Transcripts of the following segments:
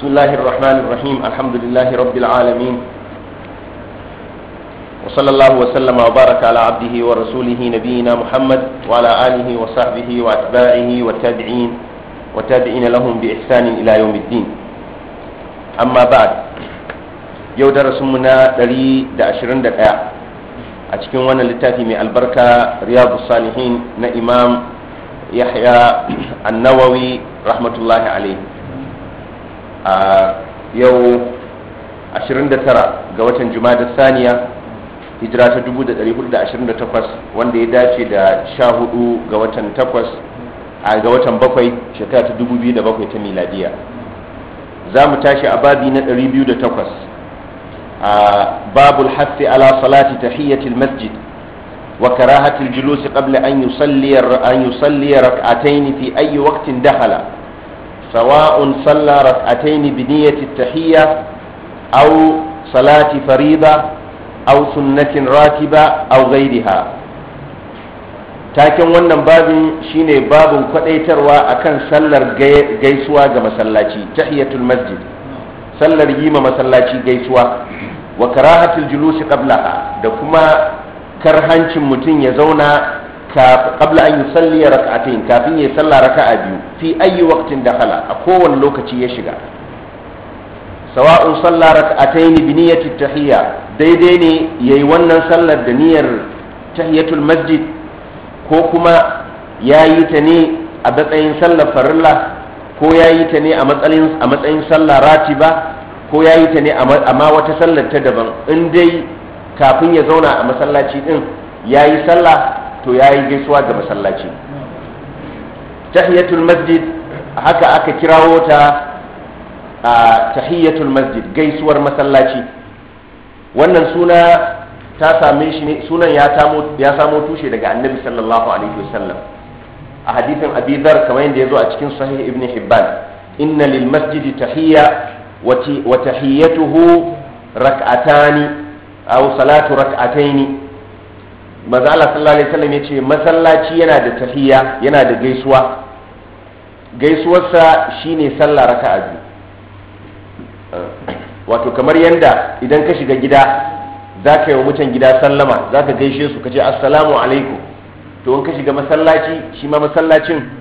بسم الله الرحمن الرحيم الحمد لله رب العالمين وصلى الله وسلم وبارك على عبده ورسوله نبينا محمد وعلى آله وصحبه وأتباعه والتابعين وتابعين لهم بإحسان إلى يوم الدين أما بعد يود رسمنا دري دعشرين دقاء أتكون وانا لتاتي من البركة رياض الصالحين نا إمام يحيى النووي رحمة الله عليه a yau 29 ga watan jumada saniya hijira ta 1428 wanda ya dace da 14 ga watan 8 a ga watan 7 shekara ta 2007 ta miladiya za mu tashi a babi na 208 a babul hafi ala salati tahiyyatil masjid wa karahatil julusi qabla an yusalli an yusalli rak'atayn fi ayi waqtin dakhala سواء صلى ركعتين بنية التحية أو صلاة au أو سنة راتبة أو غيرها taken wannan babin shine babin kwadaitarwa akan sallar gaisuwa ga masallaci tahiyatul masjid sallar yi ma masallaci gaisuwa wa karahatul julusi qablaha da kuma kar karhancin mutum ya zauna qabla an yusalli rak'atayn kafin ya salla raka'a biyu fi ayi waqtin dakhala a kowane lokaci ya shiga sawa'un sallar rak'atayn bi niyyati tahiyya daidai ne yayi wannan sallar da niyyar tahiyatul masjid ko kuma yayi ta ne a matsayin sallar farilla ko yayi ta ne a matsayin a matsayin sallar ratiba ko yayi ta ne a wata sallar ta daban in dai kafin ya zauna a masallaci din yayi sallah to ya yi gaisuwa ga masallaci tahiyatul masjid haka aka kirawo ta a tahiyatul masjid gaisuwar masallaci wannan suna ta same shi ne sunan ya samo tushe daga annabi sallallahu alaihi wasallam a hadithin dhar kamar yadda yazo a cikin sahih ibn hibban inna lil masjid tahiyya wa tahiyyatuhu rak'atani aw salatu rak'ataini maza Allah sallallahu alaihi wasallam yace masallaci yana da tahiyya yana da gaisuwa gaisuwarsa shine sallah raka'a biyu wato kamar yadda idan ka shiga gida za ka yi wa mutan gida sallama za ka gaishe su ka ce assalamu alaikum to in ka shiga masallaci shi ma masallacin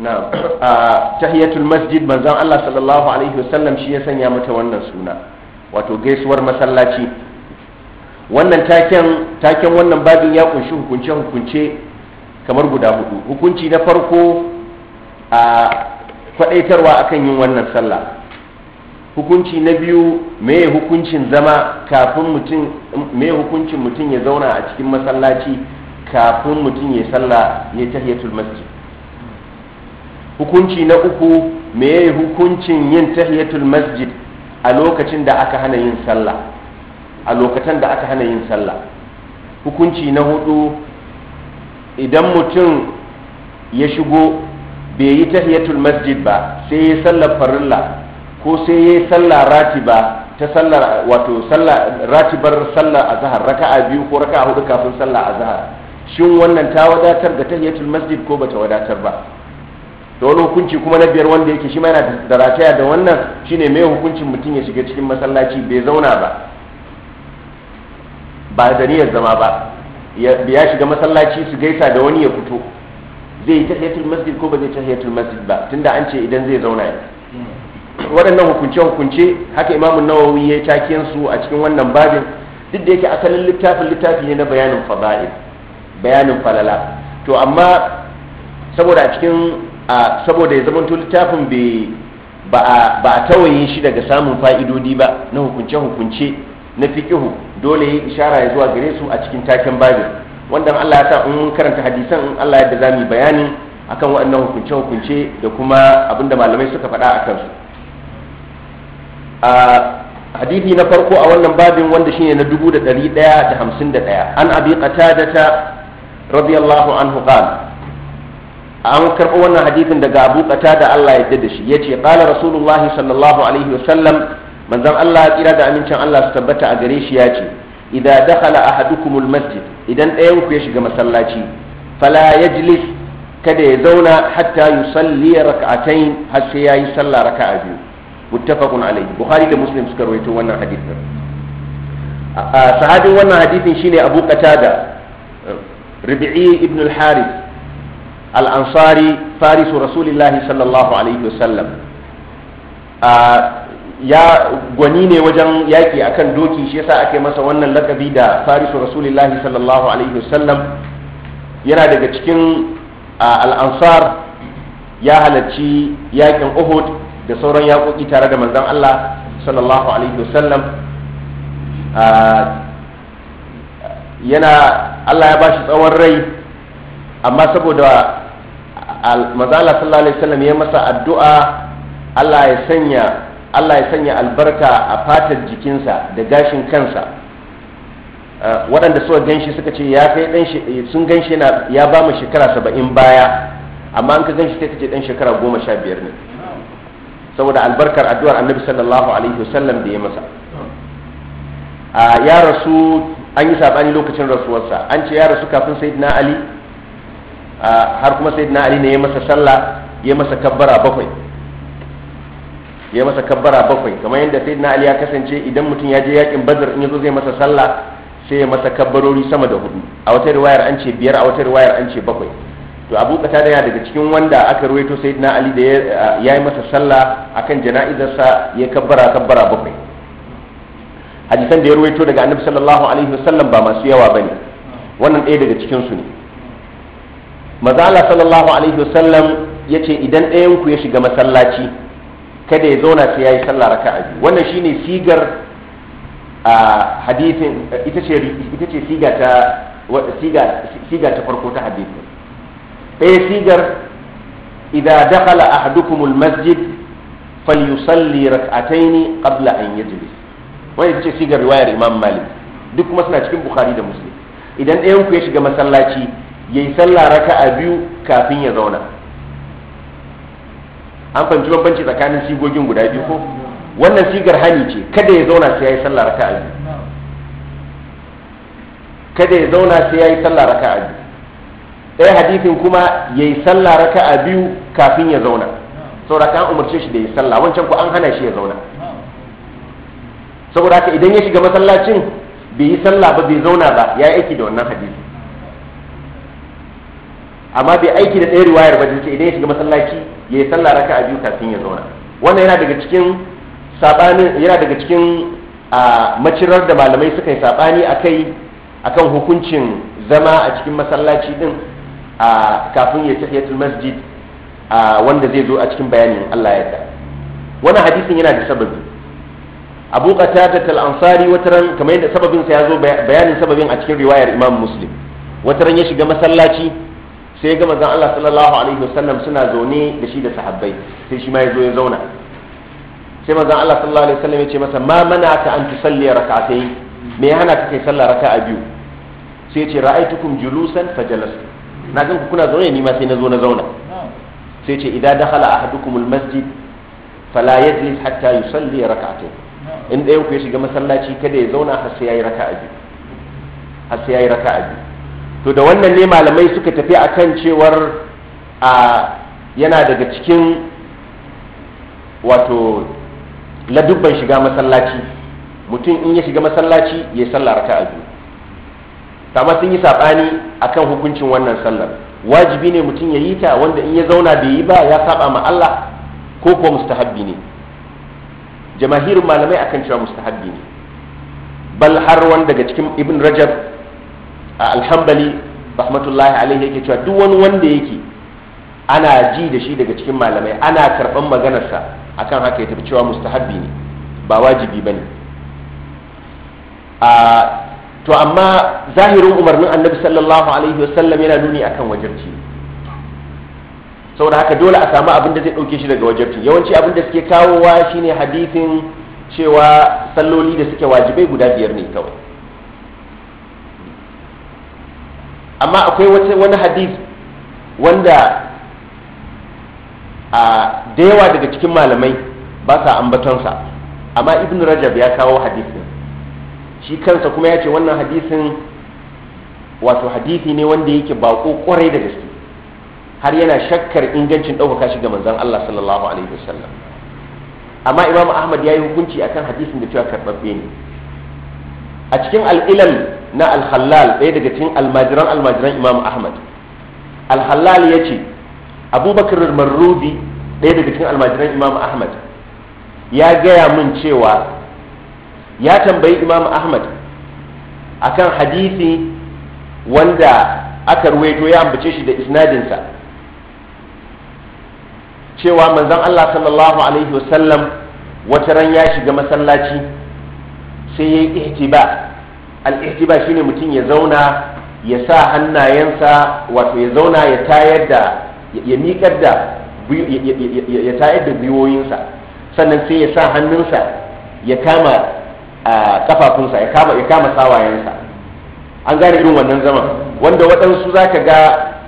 na'am tahiyatul masjid manzon Allah sallallahu alaihi wasallam shi ya sanya mata wannan suna wato gaisuwar masallaci wannan taken taken wannan babin ya kunshi hukunce hukunce kamar guda hudu hukunci na farko a kwadaitarwa akan yin wannan sallah hukunci na biyu meye hukuncin zama kafin mutum meye hukuncin mutum ya zauna a cikin masallaci kafin mutum ya sallah ya tahiyatul masjid hukunci na uku me ya yi hukuncin yin tahiyatul masjid a lokacin da aka hana yin sallah a lokacin da aka hana yin sallah hukunci na hudu idan mutum ya shigo bai yi tahiyatul masjid ba sai ya sallar farilla ko sai ya sallar ratiba ta sallar wato sallar ratibar sallar azhar raka'a biyu ko raka'a hudu kafin sallar azhar shin wannan ta wadatar da tahiyatul masjid ko bata wadatar ba da wani hukunci kuma na biyar wanda yake shi ma yana da rataya da wannan shine mai hukuncin mutum ya shiga cikin masallaci bai zauna ba ba da niyyar zama ba ya shiga masallaci su gaisa da wani ya fito zai yi tahiyatul masjid ko ba zai tahiyatul masjid ba tunda an ce idan zai zauna ya waɗannan hukunce hukunce haka imamun nawawi ya takiyan su a cikin wannan babin duk da yake asalin littafin littafi ne na bayanin fada'il bayanin falala to amma saboda a cikin a saboda ya zamanto littafin ba a tawaye shi daga samun fa'idodi ba na hukunce-hukunce na fiƙihu dole ya ishara ya zuwa gare su a cikin taken babin wanda Allah ya sa in karanta hadisan in Allah yadda za mu bayani akan waɗannan hukunce-hukunce da kuma abinda malamai suka faɗa a kansu a hadisi na farko a wannan babin wanda shine na dubu da da da hamsin ɗaya an abi rabi radiyallahu anhu qala an karɓo wannan hadithin daga abu da Allah ya da shi ya ce ƙala rasulullahi sallallahu alaihi wasallam manzon Allah tsira da amincin Allah su tabbata a gare shi ya ce idan dakhala ahadukumul masjid idan ɗayan ku ya shiga masallaci fala yajlis kada ya zauna hatta yusalli rak'atayn har sai yayi sallah raka'a biyu muttafaqun alaihi bukhari da muslim suka rawaito wannan hadithin sahabin wannan hadithin shine abu qatada rabi'i ibn al-harith al'ansari farisu rasulillahi sallallahu alaihi wasallam ya gwani ne wajen yaƙi akan doki shi yasa ake masa wannan lakabi da farisu rasulillahi sallallahu alaihi wasallam yana daga cikin al'ansar ya halarci yaƙin uhud da sauran yaƙoƙi tare da manzan allah sallallahu alaihi wasallam yana allah ya bashi tsawon rai amma saboda mazala sallallahu alaihi wasallam ya masa addu'a Allah ya sanya Allah ya sanya albarka a fatar jikinsa da gashin kansa waɗanda suka ganshi suka ce ya kai dan sun ganshi yana ya ba mu shekara saba'in baya amma an ka ganshi sai kace dan shekara goma sha biyar ne saboda albarkar addu'ar annabi sallallahu alaihi wasallam da ya masa ya rasu an yi sabani lokacin rasuwarsa an ce ya rasu kafin sayyidina ali har kuma sai na ali ne ya masa sallah ya masa kabbara bakwai ya masa kabbara bakwai kamar yadda sai na ali ya kasance idan mutum ya je yakin badar in yazo zai masa sallah sai ya masa kabbarori sama da hudu a wata riwayar an ce biyar a wata riwayar an ce bakwai to abu kata da daga cikin wanda aka ruwaito sai na ali da ya yi masa sallah akan jana'izarsa ya kabbara kabbara bakwai hadisan da ya ruwaito daga annabi sallallahu alaihi wasallam ba masu yawa bane wannan ɗaya daga cikin su ne maza sallallahu alaihi wasallam ya ce idan ɗayan ku ya shiga masallaci kada ya zauna sai ya yi sallah a biyu wannan shine sigar a hadithin ita ce ita ce siga ta siga ta farko ta hadithin ɗaya sigar idan dakhala ahadukumul masjid falyusalli rak'ataini qabla an yajlis wannan ita ce sigar riwayar Imam Malik duk kuma suna cikin Bukhari da Muslim idan ɗayan ku ya shiga masallaci yayi sallah raka'a biyu kafin ya zauna an fahimci bambanci tsakanin sigogin guda biyu ko wannan sigar hani ce kada ya zauna sai yayi sallah raka'a biyu kada ya zauna sai yayi sallah raka'a biyu ɗaya hadisin kuma yayi sallah raka'a biyu kafin ya zauna saboda an umarce shi da yayi sallah wancan ko an hana shi ya zauna saboda haka idan ya shiga masallacin bai yi sallah ba bai zauna ba ya aiki da wannan hadisi amma bai aiki da tsayar riwayar ba ce idan ya shiga masallaci ya yi sallah raka a biyu kafin ya zauna wannan yana daga cikin sabanin yana daga cikin a macirar da malamai suka yi sabani akai akan hukuncin zama a cikin masallaci din a kafin ya tafiyatul masjid a wanda zai zo a cikin bayanin Allah ya wannan hadisin yana da sababi abu qatadat al-ansari wataran kamar yadda sababin ya zo bayanin sababin a cikin riwayar imam muslim wataran ya shiga masallaci sai ga manzon Allah sallallahu alaihi wasallam suna zaune da shi da sahabbai sai shi ma ya zo ya zauna sai manzon Allah sallallahu alaihi wasallam ya ce masa ma mana ka an tusalli rak'atayn me ya hana ka kai sallah raka'a biyu sai ya ce ra'aitukum julusan fajalastu na ga kuna zaune ni ma sai na zo na zauna sai ce idan dakhala ahadukum almasjid fala yajlis hatta yusalli rak'atayn in ɗayan ku ya shiga masallaci kada ya zauna har sai yayi raka'a biyu har sai yayi raka'a biyu to da wannan ne malamai suka tafi a kan cewar a yana daga cikin wato ladubban shiga masallaci mutum in ya shiga masallaci ya sallar ta a biyu sun yi saɓani a kan hukuncin wannan sallar wajibi ne mutum ya yi ta wanda in ya zauna bai yi ba ya saba ma Allah ko kuwa mustahabbi ne jamahirin malamai akan cewa mustahabbi ne bal har wani daga cikin ibn rajab a alhambali rahmatullahi alaihi yake cewa duk wani wanda yake ana ji da shi daga cikin malamai ana karɓan maganarsa akan haka ya tafi cewa mustahabbi ne ba wajibi ba ne to amma zahirin umarnin annabi sallallahu alaihi wasallam yana nuni akan wajarci saboda haka dole a samu abin da zai ɗauke shi daga wajarci yawanci abin da suke kawowa shine hadisin cewa salloli da suke wajibai guda biyar ne kawai amma akwai wani hadith wanda a da yawa daga cikin malamai ba sa ambatonsa amma ibn rajab ya kawo hadithin shi kansa kuma ya ce wannan hadisin wato hadisi ne wanda yake bako kwarai da gaske har yana shakkar ingancin ɗaukaka shi ga manzon Allah sallallahu alaihi wasallam amma imam ahmad ya yi hukunci akan hadisin da cewa karɓaɓɓe ne a cikin al'ilal na alhallal ɗaya daga cikin almajiran almajiran imam ahmad alhallal ya ce abubakar marrubi ɗaya daga cikin almajiran imam ahmad ya gaya min cewa ya tambayi imam ahmad akan hadisi wanda aka ruwaito ya ambace shi da isnadinsa cewa manzon allah sallallahu alaihi wasallam wata ran ya shiga masallaci sai ya yi ihtiba al-ihtiba shine mutum ya zauna ya sa hannayensa wato ya zauna ya tayar da ya miƙar da ya tayar da gwiwoyinsa sannan sai ya sa hannunsa ya kama kafafunsa ya kama ya kama sawayensa an gane irin wannan zaman wanda waɗansu za ka ga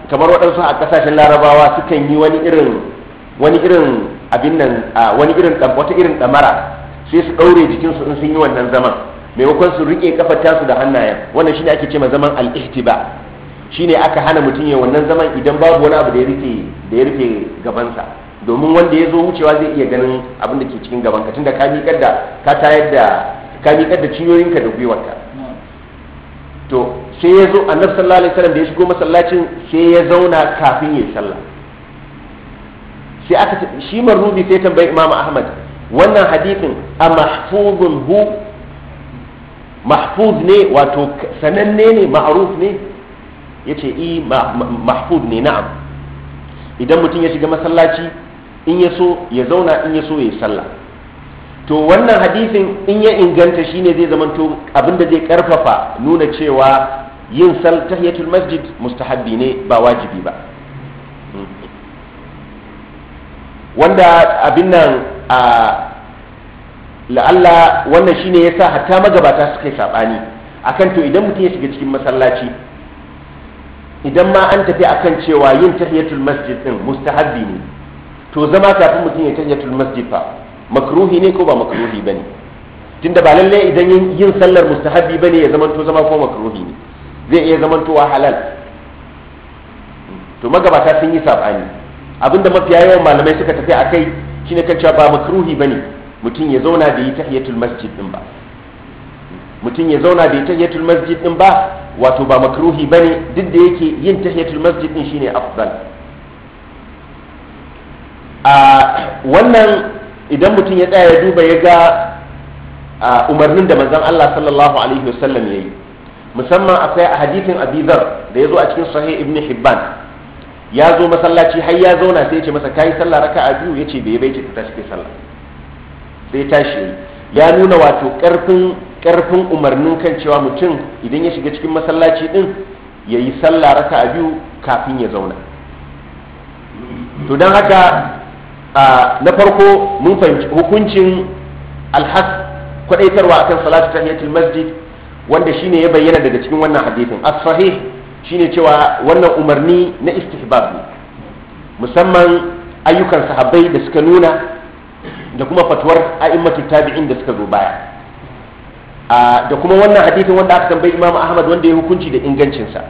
kamar waɗansu a ƙasashen larabawa sukan yi wani irin wani irin abin nan wani irin wata irin ɗamara sai su ɗaure jikinsu in sun yi wannan zaman maimakon su rike kafar tasu da hannayen wannan shine ake cewa zaman al-ihtiba shine aka hana mutum ya wannan zaman idan babu wani abu da ya rike da ya rike gabansa domin wanda ya zo wucewa zai iya ganin abin da ke cikin ka tunda ka miƙar da ka tayar da ka miƙar da ka da gwiwarka to sai ya zo annabi sallallahu alaihi wasallam da ya shigo masallacin sai ya zauna kafin ya sallah sai aka shi marubi sai tambayi imam ahmad wannan hadisin a mahfuzun hu mahfuz ne wato sananne ne ma'ruf ne yace i e, mahfuz ne na'am idan mutum ya shiga masallaci in ya so ya zauna in ya so ya sallah to wannan hadisin in ya inganta shine zai zamanto abinda zai karfafa nuna cewa yin sal tahiyatul masjid mustahabbi ne ba wajibi ba hmm. wanda abin nan a la'alla wannan shine sa hatta magabata suka yi a kan to idan mutum ya shiga cikin masallaci idan ma an tafi a kan cewa yin tahiyatul masjid din mustahabbi ne to zama kafin mutum ya tahiyatul masjid fa makruhi ne ko ba makruhi ne tunda ba lalle idan yin sallar mustahabbi ne ya zama to zama ko makruhi ne zai iya zamantowa halal to magabata sun yi saɓani abinda mafiya yawan malamai suka tafi a kai shine kan cewa ba makruhi ne. mutum ya zauna da yi tahiyatul masjid din ba mutum ya zauna da yi tahiyatul masjid din ba wato ba makruhi bane duk da yake yin tahiyatul masjid din shine afdal a wannan idan mutum ya tsaya ya duba ya ga umarnin da manzon Allah sallallahu alaihi wasallam yayi musamman akwai a hadithin abizar da ya zo a cikin sahih ibn hibban ya zo masallaci har ya zauna sai ya ce masa kayi sallah raka'a biyu ya ce bai bai ce ta tashi sallah sai tashi ya nuna wato karfin karfin umarnin kan cewa mutum idan ya shiga cikin masallaci din ya yi sallah raka a biyu kafin ya zauna to don haka na farko mun fahimci hukuncin alhas kwadaitarwa akan salatu ta hiyatul masjid wanda shine ya bayyana daga cikin wannan hadisin as-sahih shine cewa wannan umarni na istihbab ne musamman ayyukan sahabbai da suka nuna da kuma fatuwar a'immatu tabi'in da suka zo baya da kuma wannan hadisin wanda aka tambayi Imam Ahmad wanda ya hukunci da ingancinsa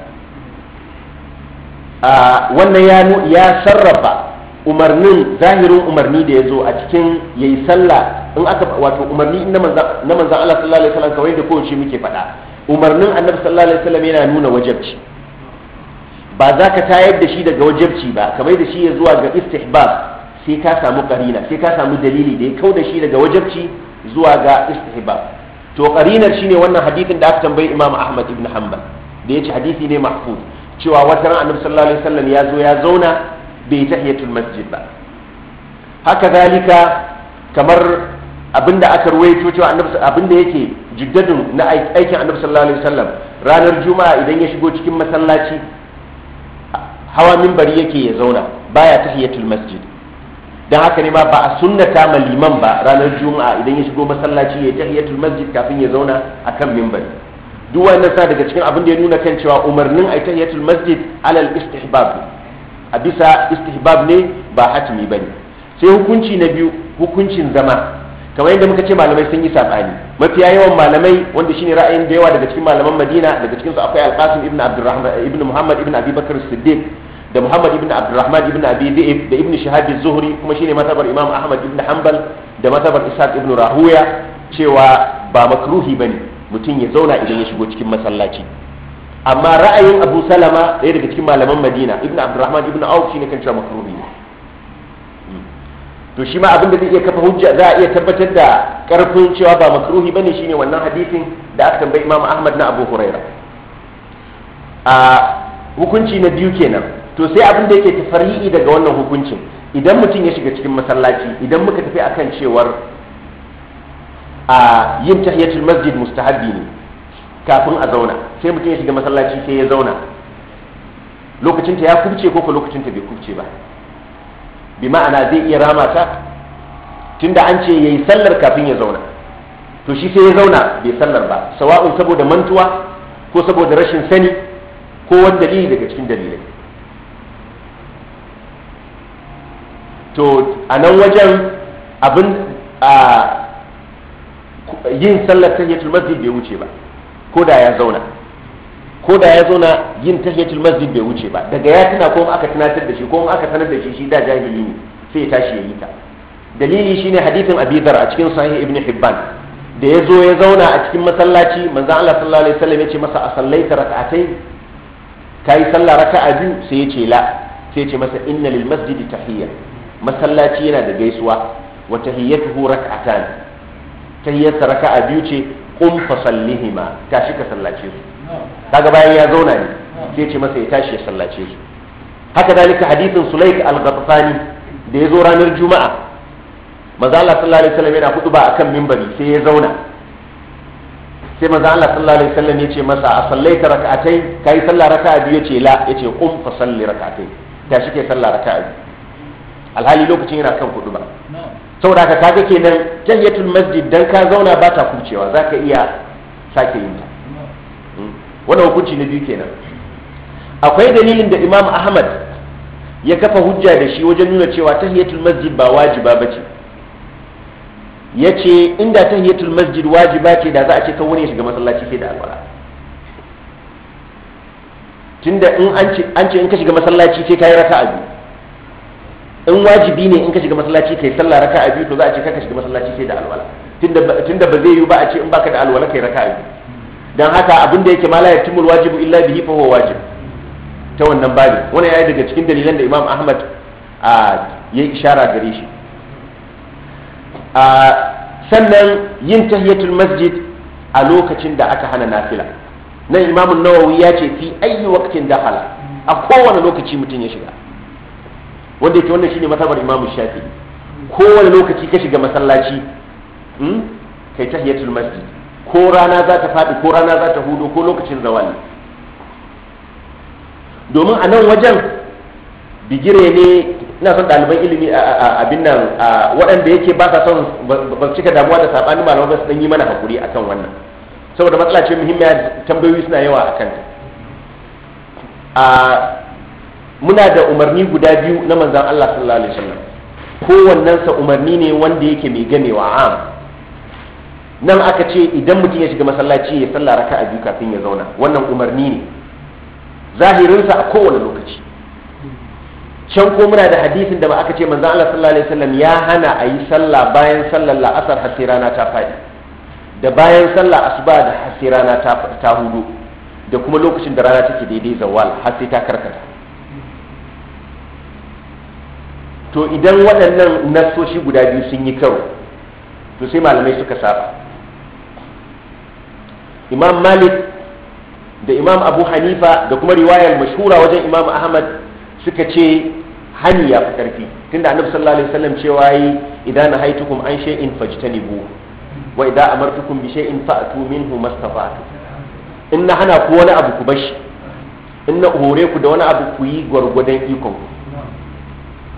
wannan ya sarrafa umarnin zahirin umarni da ya zo a cikin ya yi sallah in aka wato umarni na manzan Allah sallallahu alaihi wasallam kawai da kowace muke faɗa umarnin annabi sallallahu alaihi wasallam yana nuna wajabci ba za ka tayar da shi daga wajabci ba kamar da shi ya zuwa ga istihbab sai ka samu karina sai ka samu dalili da ya kau da shi daga wajabci zuwa ga istihbab to karinar shine wannan hadisin da aka tambayi Imam Ahmad ibn Hanbal da yace hadisi ne mahfuz cewa wata ran Annabi sallallahu alaihi wasallam ya zo ya zauna bai tahiyatul masjid ba haka zalika kamar abinda aka ruwaito cewa Annabi abinda yake jiddadun na aikin Annabi sallallahu alaihi wasallam ranar juma'a idan ya shigo cikin masallaci hawa minbari yake ya zauna baya tahiyatul masjid dan haka ne ma ba a sunnata ma liman ba ranar juma'a idan ya shigo masallaci ya tahiyatul masjid kafin ya zauna akan mimbari duk wannan sa daga cikin abin da ya nuna kan cewa umarnin ai tahiyatul masjid alal istihbab a bisa istihbab ne ba hatimi bane sai hukunci na biyu hukuncin zama kamar yadda muka ce malamai sun yi sabani mafiya yawan malamai wanda shine ra'ayin da yawa daga cikin malaman Madina daga cikin su akwai Al-Qasim ibn Abdurrahman ibn Muhammad ibn Abi Bakr Siddiq da Muhammad ibn Abdurrahman ibn Abi Dhi'b da Ibn Shihab zuhri kuma shine matabar Imam Ahmad ibn Hanbal da matabar Ishaq ibn Rahuya cewa ba makruhi bane mutum ya zauna idan ya shigo cikin masallaci amma ra'ayin Abu Salama ɗaya daga cikin malaman Madina Ibn Abdurrahman ibn Auf shine kan cewa makruhi ne to shi ma abin da zai iya kafa hujja za a iya tabbatar da karfin cewa ba makruhi bane shine wannan hadisin da aka tambayi Imam Ahmad na Abu Huraira a hukunci na biyu kenan to sai abin da yake tafari'i daga wannan hukuncin idan mutum ya shiga cikin masallaci idan muka tafi akan cewar a yin tahiyatul masjid mustahabbi ne kafin a zauna sai mutum ya shiga masallaci sai ya zauna lokacinta ya kubce ko lokacin lokacinta bai kubce ba bi ma'ana zai iya rama ta tunda an ce yayi sallar kafin ya zauna to shi sai ya zauna bai sallar ba sawa'un saboda mantuwa ko saboda rashin sani ko wani dalili daga cikin dalilai to a nan wajen abin a yin sallar tahiyatul masjid bai wuce ba ko da ya zauna ko da ya zauna yin tahiyatul masjid bai wuce ba daga ya tuna ko aka tunatar da shi ko aka sanar da shi shi da jahili ne sai ya tashi ya yi ta dalili shine hadithin abi a cikin sahih ibn hibban da ya zo ya zauna a cikin masallaci manzo Allah sallallahu alaihi wasallam ya ce masa a rak'atai kai sallah raka'a biyu sai ya ce la sai ya ce masa inna lil masjidi tahiyya masallaci yana da gaisuwa wa tahiyyatuhu rak'atan tahiyyarsa raka'a biyu ce qum fa sallihima tashi ka sallace su kaga bayan ya zauna ne sai ce masa ya tashi ya sallace su haka dalika hadithin sulaik al-ghatfani da ya zo ranar juma'a manzo Allah sallallahu alaihi wasallam yana ba akan minbari sai ya zauna sai manzo Allah sallallahu alaihi wasallam ya ce masa a sallaita raka'atai kai sallah raka'a biyu ya ce la ya ce qum fa salli raka'atai tashi ke sallah raka'a biyu alhali lokacin yana kan kudu ba saboda haka kaga kenan tahiyatul masjid dan ka zauna ba ta kucewa zaka iya sake yin ta hmm. wannan hukunci na biyu kenan akwai dalilin da Imam Ahmad ya kafa hujja da shi wajen nuna cewa tahiyatul masjid ba wajiba bace yace inda tahiyatul masjid wajiba ce da za a ce kawai ne shiga masallaci sai da alwala tunda in an ce in ka shiga masallaci sai ka yi raka'a biyu in wajibi ne in ka shiga masallaci kai sallah raka'a biyu to za a ce ka shiga masallaci sai da alwala tunda ba zai yi ba a ce in baka da alwala kai raka'a biyu dan haka abin da yake ma la yatimul wajibu illa bihi fa huwa wajib ta wannan babi wannan yayi daga cikin dalilan da Imam Ahmad a yayi ishara gare shi a sannan yin tahiyatul masjid a lokacin da aka hana nafila nan Imam Nawawi ya ce fi ayyi waqtin dakhala a kowane lokaci mutum ya shiga wanda yake wannan shine matabar imamu Shafi, kowane lokaci ka shiga masallaci hmm, kai tahiyatul masjid ko rana za ta faɗi ko rana za ta hudo ko lokacin zawali domin a nan wajen bigire ne ina son ɗaliban ilimi abin nan waɗanda yake ba sa son ba cika damuwa da saɓani malamai ba su ɗan yi mana haƙuri a kan wannan saboda matsala ce muhimmiya tambayoyi suna yawa a kanta muna da umarni guda biyu na manzan Allah sallallahu alaihi wasallam kowannensa umarni ne wanda yake mai gamewa am nan aka ce idan mutum ya shiga masallaci ya sallah raka a biyu kafin ya zauna wannan umarni ne zahirinsa a kowane lokaci can ko muna da hadisin da ba aka ce manzan Allah sallallahu alaihi wasallam ya hana a yi sallah bayan sallar la'asar har sai rana ta faɗi da bayan sallah asuba da har sai rana ta hudu da kuma lokacin da rana take daidai zawal har sai ta karkata to idan waɗannan nasoshi guda biyu sun yi karo to sai malamai suka saba imam malik da imam abu hanifa da kuma riwayar mashura wajen imam ahmad suka ce hani ya fi ƙarfi tunda annabi sallallahu alaihi wasallam cewa yi idan na haitukum an shay'in bu wa idan amartukum bi shay'in fa'tu minhu mastafa'tu in na hana ku wani abu ku bashi in na hore ku da wani abu ku yi gwargwadon ikon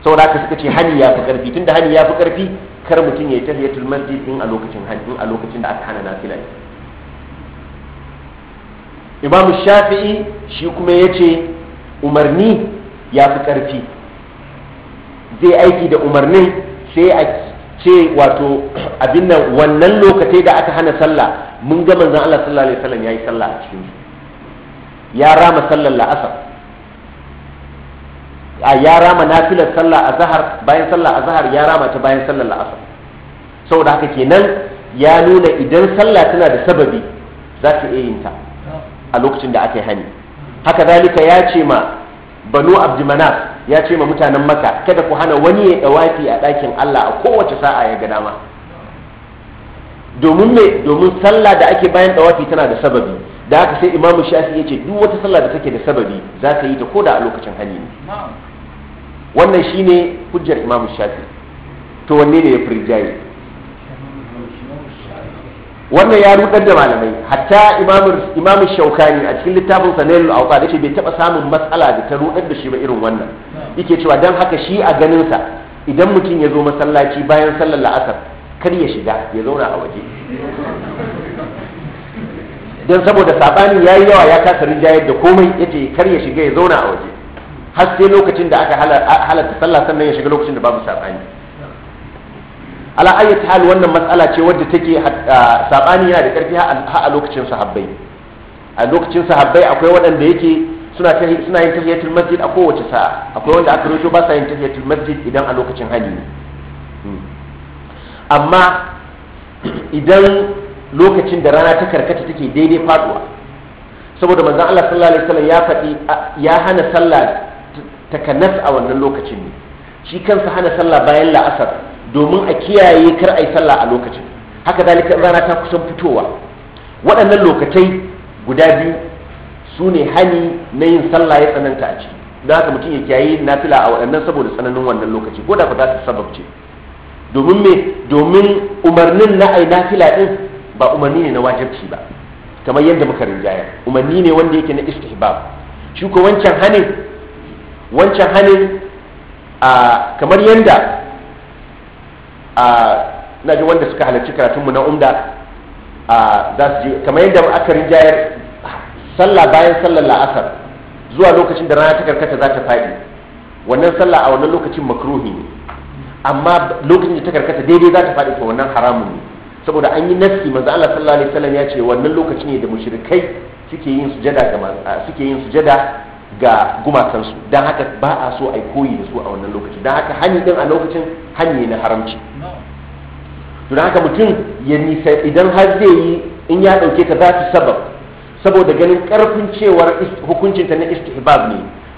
saboda ka suka ce hani ya fi karfi tunda hani ya fi karfi kar mutum ya yi tahiyatul masjid din a lokacin hani a lokacin da aka hana na nafila imamu shafi'i shi kuma ya ce umarni ya fi karfi zai aiki da umarni sai a ce wato abin nan wannan lokacin da aka hana sallah mun ga manzon Allah sallallahu alaihi wasallam yi sallah a cikin ya rama sallar la'asar a ya rama nafilar sallah a zahar bayan sallah a zahar ya rama ta bayan sallar la'asar saboda haka kenan ya nuna idan sallah tana da sababi za ta iya yin ta a lokacin da aka yi hani haka zalika ya ce ma banu abdumanaf ya ce ma mutanen maka kada ku hana wani ya dawafi a ɗakin allah a kowace sa'a ya ga dama domin me domin sallah da ake bayan dawafi tana da sababi da haka sai imamu shafi ya ce duk wata sallah da take da sababi za ta yi ta koda a lokacin hani ne wannan shine hujjar imam shafi to wanne ne ya firjaye wannan ya rudar da malamai hatta imam shaukani a cikin littafin sanayin al'auka da ce bai taba samun matsala da ta rudar da shi ba irin wannan yake cewa don haka shi a ganinsa idan mutum ya zo masallaci bayan sallar la'asar kar ya shiga ya zauna a waje don saboda sabanin ya yi yawa ya kasa rinjayar da komai ya kar ya shiga ya zauna a waje har sai lokacin da aka halatta sallah sannan ya shiga lokacin da babu sabani ala ayyat hal wannan matsala ce wadda take sabani yana da karfi ha a lokacin sahabbai a lokacin sahabbai akwai waɗanda yake suna suna yin tahiyatul masjid a kowace sa'a akwai wanda aka rawaito ba sa yin tahiyatul masjid idan a lokacin hali ne hmm. amma idan lokacin da rana ta karkata take daidai faduwa saboda manzon Allah sallallahu alaihi wasallam ya faɗi ya hana sallah takanas a wannan lokacin ne shi kansa hana sallah bayan la'asar domin a kiyaye kar a yi sallah a lokacin haka zalika rana ta kusan fitowa waɗannan lokacai guda biyu su ne hani na yin sallah ya tsananta a ciki don haka mutum ya kiyaye nafila a waɗannan saboda tsananin wannan lokaci ko da ba za ta sabab ce domin me domin umarnin na ai nafila din ba umarni ne na wajibci ba kamar yadda muka rinjaya umarni ne wanda yake na istihbab shi ko wancan hanin wancan hannun a kamar yadda a na ji wanda suka halarci karatunmu na umda a za su je kamar yadda aka rinjayar sallah bayan sallar la'asar zuwa lokacin da rana ta karkata za ta faɗi wannan sallah a wannan lokacin makruhi ne amma lokacin da ta karkata daidai za ta faɗi to wannan haramun ne saboda an yi nassi manzo Allah sallallahu alaihi wasallam ya ce wannan lokaci ne da mushrikai suke yin sujada ga suke yin sujada ga gumakansu don haka ba a so a koyi da su a wannan lokaci don haka hanyar din a lokacin hanyar na haramci don haka mutum ya nisa idan har zai yi in ya ɗauke ta za su sabab saboda ganin karfin cewar hukuncinta na istihbab ne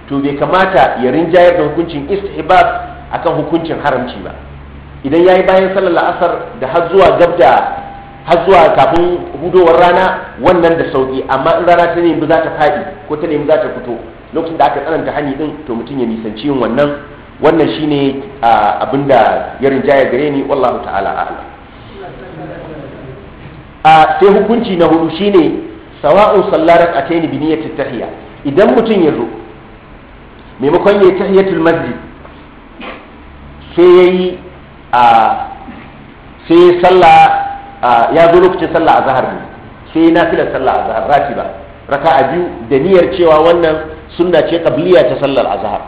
to bai kamata ya rinjayar da hukuncin istihbab akan hukuncin haramci ba idan ya yi bayan sallar la'asar da har zuwa gab da har zuwa kafin hudowar rana wannan da sauki amma in rana ta nemi za ta faɗi ko ta nemi za ta fito lokacin da aka tsananta hani din to mutum ya nisanci yin wannan wannan shine abin da ya rinjaya gare ni wallahu ta'ala a'lam a sai hukunci na hudu shine sawa'un sallarat ataini bi ya tahiyya idan mutum ya zo maimakon ya tahiyatul masjid sai sai ya zo lokacin sallah azhar ne sai na sallah azhar ratiba ba raka a biyu da niyyar cewa wannan sunna ce qabliya ta sallar azhar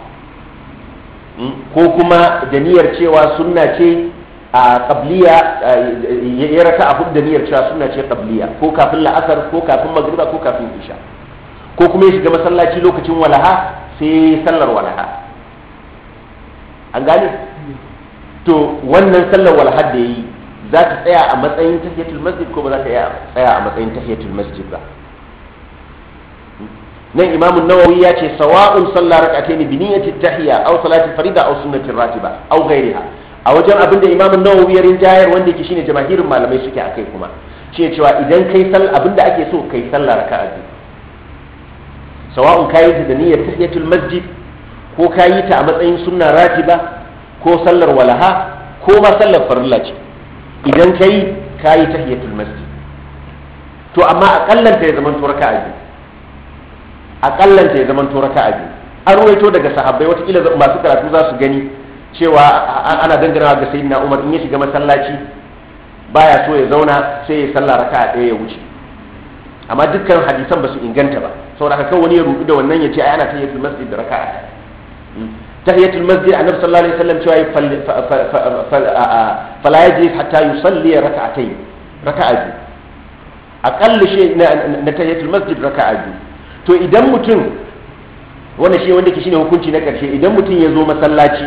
hmm? ko kuma da niyyar cewa sunna ce a qabliya ya raka hudu da niyyar cewa sunna ce qabliya ko kafin la'asar ko kafin magriba ko kafin isha ko kuma ya shiga masallaci lokacin walaha sai sallar walaha an gane to wannan sallar walaha da yi za ta tsaya a matsayin tahiyatul masjid ko ba za ta tsaya a matsayin tahiyatul masjid ba nan imam nawawi ya ce sawa'un salla rak'atayn bi niyyati tahiyya aw salati farida aw sunnati ratiba aw ghayriha a wajen abin da imam nawawi ya rinjayar wanda yake shine jama'irin malamai suke akai kuma ce cewa idan kai sal abin da ake so kai sallah raka'a sawa'un kayi ta da niyyar tahiyatul masjid ko kayi ta a matsayin sunna ratiba ko sallar walaha ko ma sallar farilla ce idan kayi kayi tahiyatul masjid to amma a kallanta ya zama to raka'a biyu akallan ya zama to raka'a biyu an ruwaito daga sahabbai wata kila masu karatu za su gani cewa ana dangarawa ga sayyidina Umar in ya shiga masallaci baya so ya zauna sai ya sallah raka'a ɗaya ya wuce amma dukkan hadisan ba su inganta ba saboda haka wani ya rubu da wannan ya ce ai ana tahiyatul masjid da raka'a hmm. tahiyatul masjid annabi sallallahu alaihi wasallam cewa fala yaji hatta yusalli raka'atayn raka'a biyu aqallu shay na tahiyatul masjid raka'a biyu to idan mutum wanda shi wanda ke shine hukunci na karshe idan mutum ya zo masallaci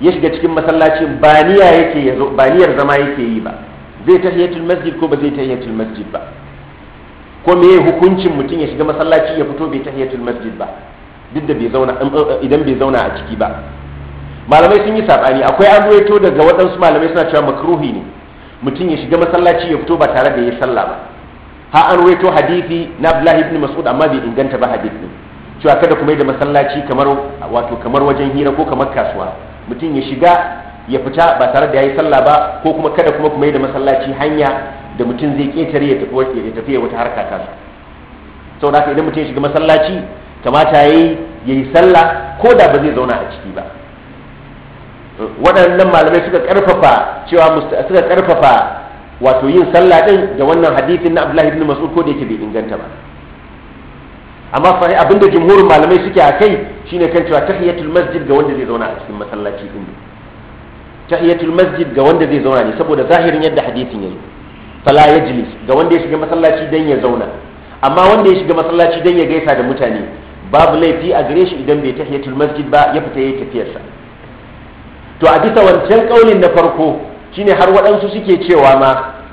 ya shiga cikin masallacin ba niyar yake ya zo zama yake yi ba zai tahiyatul masjid ko ba zai tahiyatul masjid ba ko me hukuncin mutum ya shiga masallaci ya fito bai tahiyatul masjid ba duk da bai zauna um, um, idan bai zauna a ciki ba malamai sun yi sabani akwai an to daga waɗansu malamai suna cewa makruhi ne mutum ya shiga masallaci ya fito ba tare da ya sallah ba ha an ruwaito hadisi na Abdullah ibn Mas'ud amma bai inganta ba hadisi cewa kada kuma da masallaci kamar wato kamar wajen hira ko kamar kasuwa mutum ya shiga ya fita ba tare da yayi sallah ba ko kuma kada kuma kuma da masallaci hanya da mutum zai ketare ya tafi ya tafi wata harka ta saboda haka idan mutum ya shiga masallaci kamata yayi yayi sallah ko da ba zai zauna a ciki ba waɗannan malamai suka karfafa cewa suka karfafa wato yin sallah din da wannan hadithin na Abdullahi ibn Mas'ud ko da yake bai inganta ba amma abin abinda jumhurin malamai suke a kai shine kan cewa tahiyatul masjid ga wanda zai zauna a cikin masallaci din tahiyatul masjid ga wanda zai zauna ne saboda zahirin yadda hadithin yi fala yajlis ga wanda ya shiga masallaci dan ya zauna amma wanda ya shiga masallaci dan ya gaisa da mutane babu laifi a gare shi idan bai tahiyatul masjid ba ya fita yayi tafiyarsa to a bisa wancan kaulin na farko shine har waɗansu suke cewa ma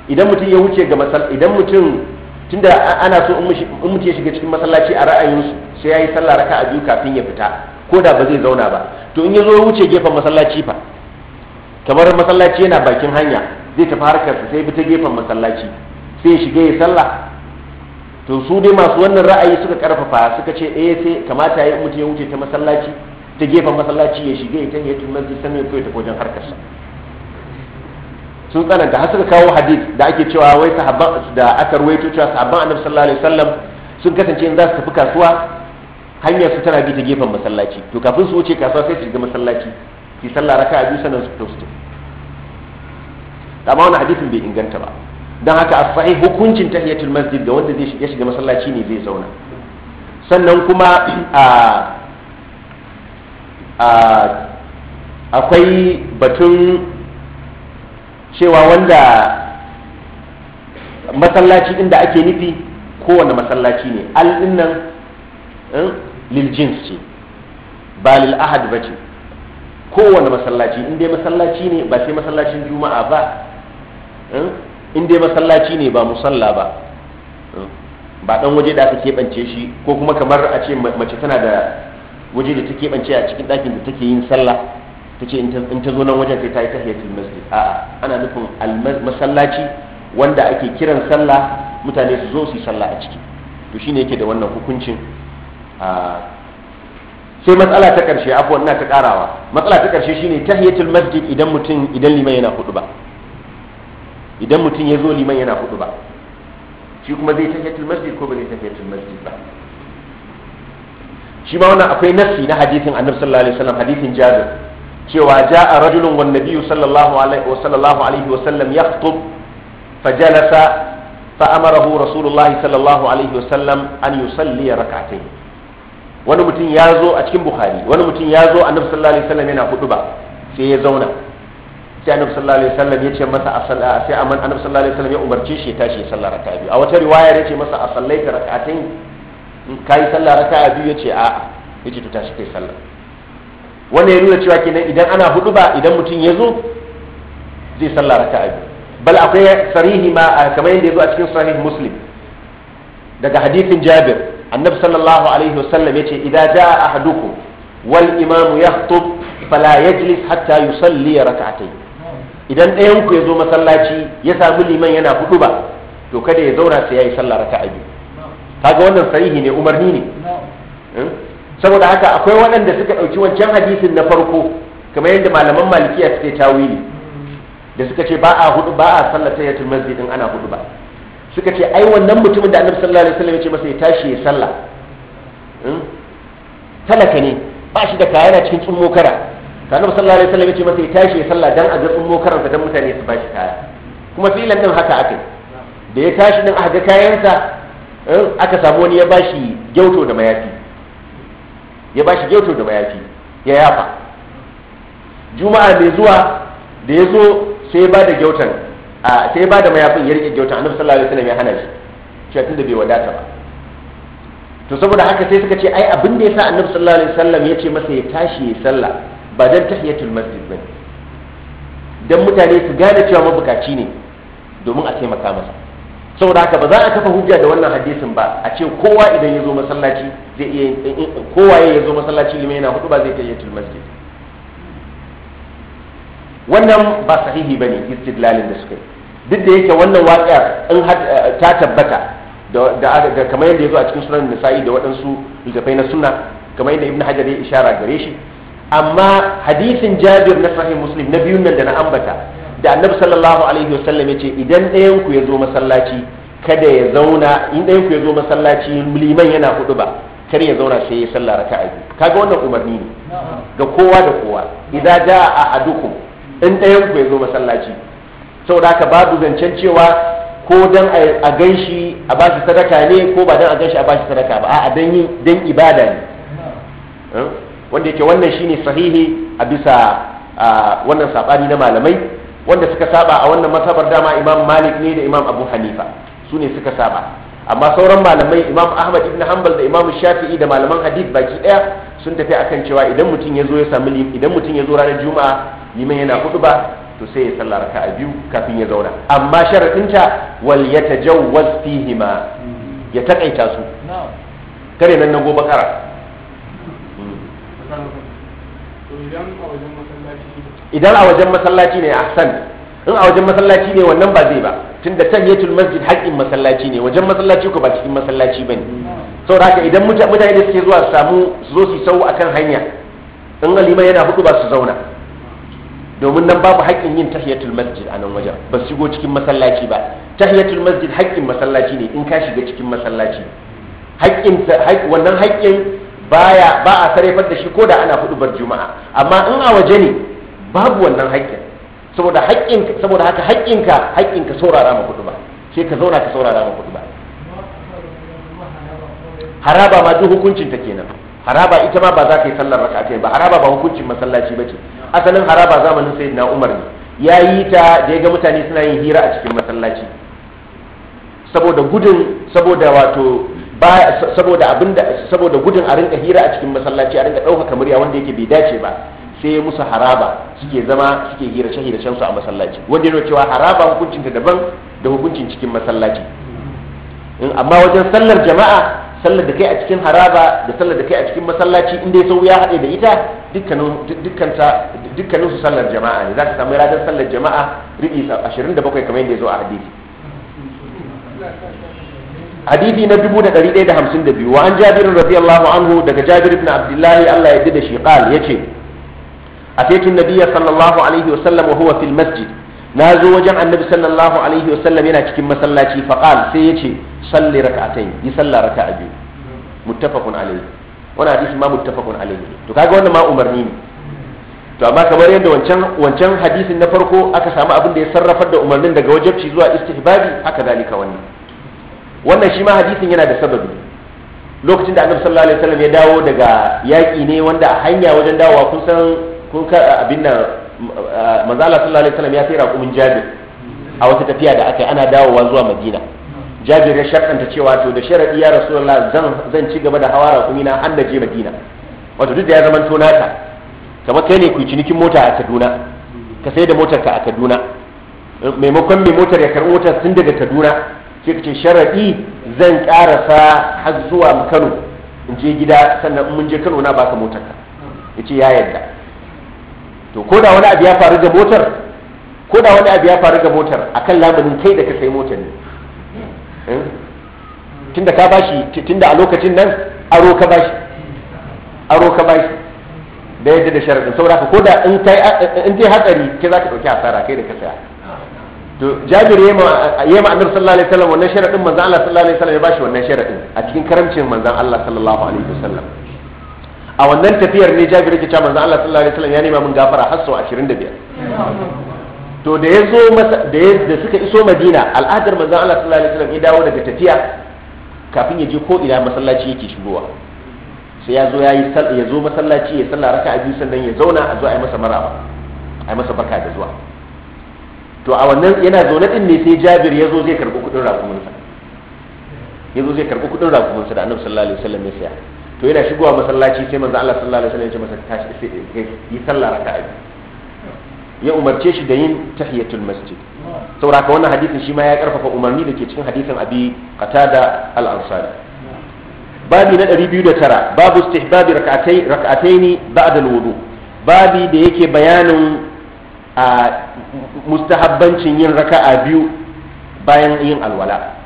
idan mutum ya wuce ga masal idan mutum tunda ana so in mutum ya shiga cikin masallaci a ra'ayinsu sai ya yi sallah raka a biyu kafin ya fita ko da ba zai zauna ba to in ya zo ya wuce gefen masallaci fa kamar masallaci yana bakin hanya zai tafi harkarsa sai bi ta gefen masallaci sai ya shiga ya sallah to su dai masu wannan ra'ayi suka karfafa suka ce eh sai kamata ya mutum ya wuce ta masallaci ta gefen masallaci ya shiga ya tafi masallaci sannan ya ta wajen harkarsa sun tsananta har suka kawo hadith da ake cewa wai sahabban da aka ruwaito cewa sahabban annabi sallallahu alaihi wasallam sun kasance in za su tafi kasuwa hanyar su tana bi ta gefen masallaci to kafin su wuce kasuwa sai su shiga masallaci su sallah raka'a biyu sannan su fito su tafi amma wannan hadithin bai inganta ba don haka a sahih hukuncin tahiyatul masjid ga wanda zai shiga masallaci ne zai zauna sannan kuma a akwai batun cewa wanda masallaci inda ake nufi kowane masallaci ne al nan eh, lil jins ce ba lil ahad ba ce kowane masallaci in dai masallaci ne ba sai masallacin juma'a ba eh, in dai masallaci ne ba musalla ba eh, ba ɗan waje da aka keɓance shi ko kuma kamar a ce mace tana da waje da ta keɓance a cikin ɗakin da take yin sallah ta ce in ta zo nan wajen kai ta yi tahiyatul masjid a'a ana nufin masallaci wanda ake kiran sallah mutane su zo su yi sallah a ciki to shine yake da wannan hukuncin sai matsala ta karshe abu na ta karawa matsala ta karshe shine tahiyatul masjid idan mutum idan liman yana hudu ba idan mutum ya zo liman yana hudu ba shi kuma zai tahiyatul masjid ko ba zai tahiyatul masjid ba shi ma wannan akwai nassi na hadisin annabi sallallahu alaihi wasallam hadisin jabir cewa ja'a rajulun wan nabiyyu sallallahu alaihi wa sallallahu alaihi wa sallam yakhutub fajalasa fa amarahu rasulullahi sallallahu alaihi wa sallam an yusalli rakatai wani mutum ya zo a cikin bukhari wani mutum ya zo annabi sallallahu alaihi wasallam yana hudu ba sai ya zauna sai annabi sallallahu alaihi wasallam ya ce masa asalla sai amman annabi sallallahu alaihi wasallam ya umarce shi ya tashi ya salla raka'a biyu a wata riwaya ya ce masa asallaita rak'atayn in kai salla raka'a biyu ya ce a'a yace to tashi kai sallah wannan ya nuna cewa kenan idan ana hudu ba idan mutum ya zo zai sallah a biyu bal akwai sarihi ma kamar yadda ya zo a cikin sahih muslim daga hadithin jabir annabi sallallahu alaihi wasallam yace idan ja ahaduku wal imamu yakhutub fala yajlis hatta yusalli rak'atayn idan ɗayan ku ya zo masallaci ya samu liman yana hudu ba to kada ya zauna sai yayi sallah raka'a biyu kaga wannan sarihi ne umarni ne saboda haka akwai waɗanda suka ɗauki wancan hadisin na farko kamar yadda malaman malikiya suke tawili da suka ce ba a hudu ba a sallata ya masjid din ana hudu ba suka ce ai wannan mutumin da annabi sallallahu alaihi wasallam ya ce masa ya tashi ya salla hmm? talaka ne ba shi da kaya yana cikin tsummo kara ka annabi sallallahu alaihi wasallam ya ce masa ya tashi ya salla dan a ga tsummo karansa dan mutane su ba shi kaya kuma filan din haka aka da ya tashi din a ga kayansa hmm, aka samu wani ya bashi gyauto da mayafi ya ba shi gyautar da mayafi ya yafa juma'a mai zuwa da ya zo sai ba da a sai ba da mayafin ya rike gyautan annabi sallallahu alaihi wasallam ya hana shi cewa tunda bai wadata ba to saboda haka sai suka ce ai abin da yasa annabi sallallahu alaihi wasallam ya ce masa ya tashi ya sallah ba dan tahiyatul masjid bane dan mutane su gane cewa mabukaci ne domin a taimaka masa saboda haka ba za a kafa hujja da wannan hadisin ba a ce kowa idan ya zo masallaci zai iya eh, eh, kowa ya zo masallaci limai yana hudu ba zai ta yatul masjid wannan ba sahihi bane istidlalin da suka yi duk da yake wannan waƙa in eh, ta tabbata da kamar yadda ya zo a cikin sunan nisa'i da waɗansu littafai na sunna kamar yadda ibnu hajar ya ishara gare shi amma hadisin jabir na sahih muslim na biyun nan da na ambata da annabi sallallahu alaihi wasallam ya ce idan ɗayan ku ya zo masallaci kada ya zauna in ɗayan ku ya zo masallaci liman yana hudu ba kar ya zauna sai ya sallah raka'a biyu kaga wannan umarni ne ga kowa da kowa idan da a duku in ɗayan ku ya zo masallaci saboda haka babu zancen cewa ko dan a ganshi a ba shi sadaka ne ko ba dan a ganshi a ba shi sadaka ba a'a dan yi dan ibada ne eh? wanda yake wannan shine sahihi a bisa wannan sabani na malamai wanda suka saba a wannan masabar dama imam malik ne da imam abu hanifa su ne suka saba amma sauran malamai imam ahmad ibn hanbal da imam shafi'i da malaman hadith baki daya sun tafi akan cewa idan mutum ya zo ya samu idan mutum ya ranar juma'a liman yana ba to sai ya sallar ka biyu kafin ya zauna amma ta wal yatajawwaz fihima ya takaita su kare nan na gobe kara hmm. idan a wajen idan a wajen masallaci ne san in a wajen masallaci ne wannan ba zai ba tunda tahiyatul masjid haƙƙin masallaci ne wajen masallaci ko ba cikin masallaci bane saboda haka idan mutane da suke zuwa su samu su zo su sau akan hanya in alima yana hudu ba su zauna domin nan babu haƙƙin yin tahiyatul masjid a nan wajen ba su shigo cikin masallaci ba tahiyatul masjid haƙƙin masallaci ne in ka shiga cikin masallaci haƙƙin wannan haƙƙin baya ba a sarrafa da shi ko da ana hudu bar juma'a amma in a waje ne babu wannan haƙƙin saboda haƙƙin saboda haka haƙƙinka haƙƙinka saurara ma kudu ba sai ka zauna ka saurara ma kudu ba haraba ma duk hukuncin ta kenan haraba ita ma ba za ka yi sallar raka ta ba haraba ba hukuncin masallaci ba ce asalin haraba zamanin na umar ne ya yi ta da ya ga mutane suna yin hira a cikin masallaci saboda gudun saboda wato saboda abinda saboda gudun a rinka hira a cikin masallaci a rinka ɗaukaka murya wanda yake bai dace ba sai ya musu haraba suke zama suke hirace hiracen su a masallaci wanda yana cewa haraba hukuncin ta daban da hukuncin cikin masallaci amma wajen sallar jama'a sallar da kai a cikin haraba da sallar da kai a cikin masallaci inda ya sau ya haɗe da ita dukkanin su sallar jama'a ne za ka samu radar sallar jama'a riɗi 27 kamar yadda ya zo a hadisi hadisi na 1152 wa an jabirin radiyallahu anhu daga jabir ibn abdullahi Allah ya ji da shi qal yace أتيت النبي صلى الله عليه وسلم وهو في المسجد نازو وجه النبي صلى الله عليه وسلم ينا تكين مسلاتي فقال سيتي صلي ركعتين يصلى ركعة بيو متفق عليه وانا حديث ما متفق عليه تو كاغا wannan ma umarni ne to amma kamar yadda wancan wancan hadisin na farko aka samu abin da ya sarrafa da umarnin daga wajabci zuwa istihbabi haka dalika wannan wannan shi ma hadisin yana da sababi lokacin da annabi sallallahu alaihi wasallam ya dawo daga yaƙi ne wanda a hanya wajen dawowa kun san ko ka abin nan manzo Allah sallallahu alaihi wasallam ya kai raƙumin Jabir a wata tafiya da aka yi ana dawowa zuwa Madina Jabir ya cewa to da sharadi ya Rasulullah zan zan ci gaba da hawa raƙumi na har da je Madina wato duk da ya zaman tonata kamar kai ne ku cinikin mota a Kaduna ka sai da motar ka a Kaduna maimakon mai motar ya karɓi motar tun daga Kaduna sai ka ce sharadi zan karasa har zuwa Kano in je gida sannan mun je Kano na baka motar ka yace ya yadda. to ko da wani abu ya faru da motar ko da wani abu ya faru da motar akan lamunin kai da ka sai motar ne hmm? tunda ka bashi tunda a lokacin nan aro ka bashi aro ka bashi da yadda da sharadin saboda ko da in kai yi hatsari ke ka dauki asara kai da ka saya to jabir ya ma annabi sallallahu alaihi wasallam wannan sharadin manzon Allah sallallahu alaihi wasallam ya bashi wannan sharadin a cikin karamcin manzon Allah sallallahu alaihi wasallam a wannan tafiyar ne jabir ke cewa manzon Allah sallallahu alaihi wasallam ya nema min gafara har sau 25 to da ya zo da da suka iso Madina al'adar manzon Allah sallallahu alaihi wasallam ya dawo daga tafiya kafin ya je ko ina masallaci yake shigowa sai ya zo ya yi ya zo masallaci ya sallah raka'a biyu sannan ya zauna a zo a yi masa maraba a yi masa barka da zuwa to a wannan yana zaune din ne sai Jabir ya zo zai karbi kudin rakumunsa ya zo zai karbi kudin rakumunsa da Annabi sallallahu alaihi wasallam ya saya to yana shigowa masallaci sai manzo Allah sallallahu alaihi wasallam ya ce masa tashi sai yi sallah raka'a ya umarce shi da yin tahiyatul masjid saboda ka wannan hadisin shi ma ya karfafa umarni da ke cikin hadisin abi qatada al-ansari babi na 209 babu istihbabi rak'atai rak'ataini ba'da al-wudu babi da yake bayanin a mustahabbancin yin raka'a biyu bayan yin alwala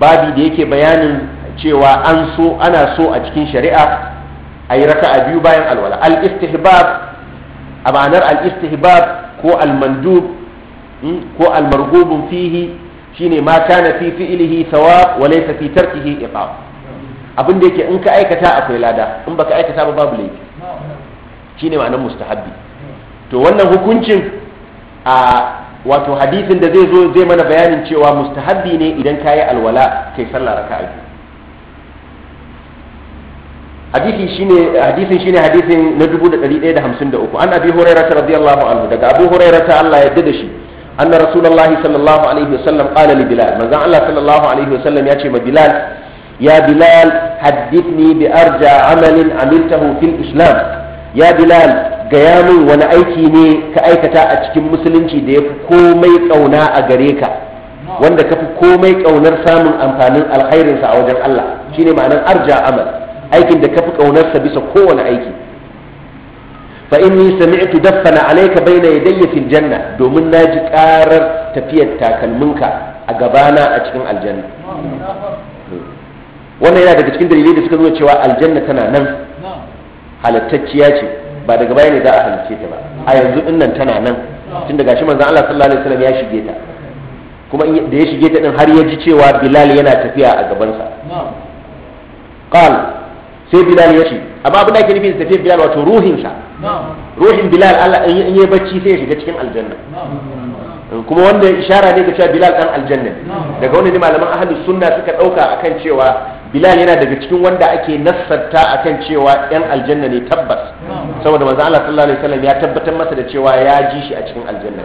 babi da yake bayanin cewa an so ana so a cikin shari'a a yi raka'a biyu bayan alwala al-istihbab a ma'anar al-istihbab ko al-mandub hmm, ko al-marghubun fihi shine ma kana fi fi'lihi thawab wa laysa fi tarkihi iqab abin da yake in ka aikata akwai lada in baka aikata ba babu laifi shine ma'anar mustahabbi to wannan hukuncin a wato hadisin da zai zo zai mana bayanin cewa mustahabbi ne idan kayi alwala kai sallah raka'a biyu hadisi shine hadisin shine hadisin na 1153 an abi hurairah radiyallahu anhu daga abu hurairah Allah ya da shi anna rasulullahi sallallahu alaihi wasallam qala li bilal manzon Allah sallallahu alaihi wasallam ya ce ma bilal ya bilal haddithni bi arja amalin amiltahu fil islam ya bilal gaya min wani aiki ne ka aikata a cikin musulunci da ya fi komai kauna a gare ka wanda ka fi komai kaunar samun amfanin alkhairinsa a wajen Allah shine ma'anar arja amal aikin da kafi kaunarsa bisa kowane aiki fa inni sami'tu daffana alayka bayna yadayya fil janna domin naji karar tafiyar takalminka a gabana a cikin aljanna wannan yana daga cikin dalilai da suka zo cewa aljanna tana nan halattacciya ce ba daga baya ne za a halicce ta ba a yanzu din nan tana nan tun daga shi manzon Allah sallallahu alaihi wasallam ya shige ta kuma da ya shige ta din har ya ji cewa Bilal yana tafiya a gabansa qal sai bilal ya ce amma abin da ake nufi da tafiyar bilal wato ruhinsa ruhin bilal Allah in yi bacci sai ya shiga cikin aljanna kuma wanda ishara ne ga cewa bilal dan aljanna daga wani malaman ahlus sunna suka dauka akan cewa bilal yana daga cikin wanda ake nassarta kan cewa yan aljanna ne tabbas saboda manzo Allah sallallahu alaihi wasallam ya tabbatar masa da cewa ya ji shi a cikin aljanna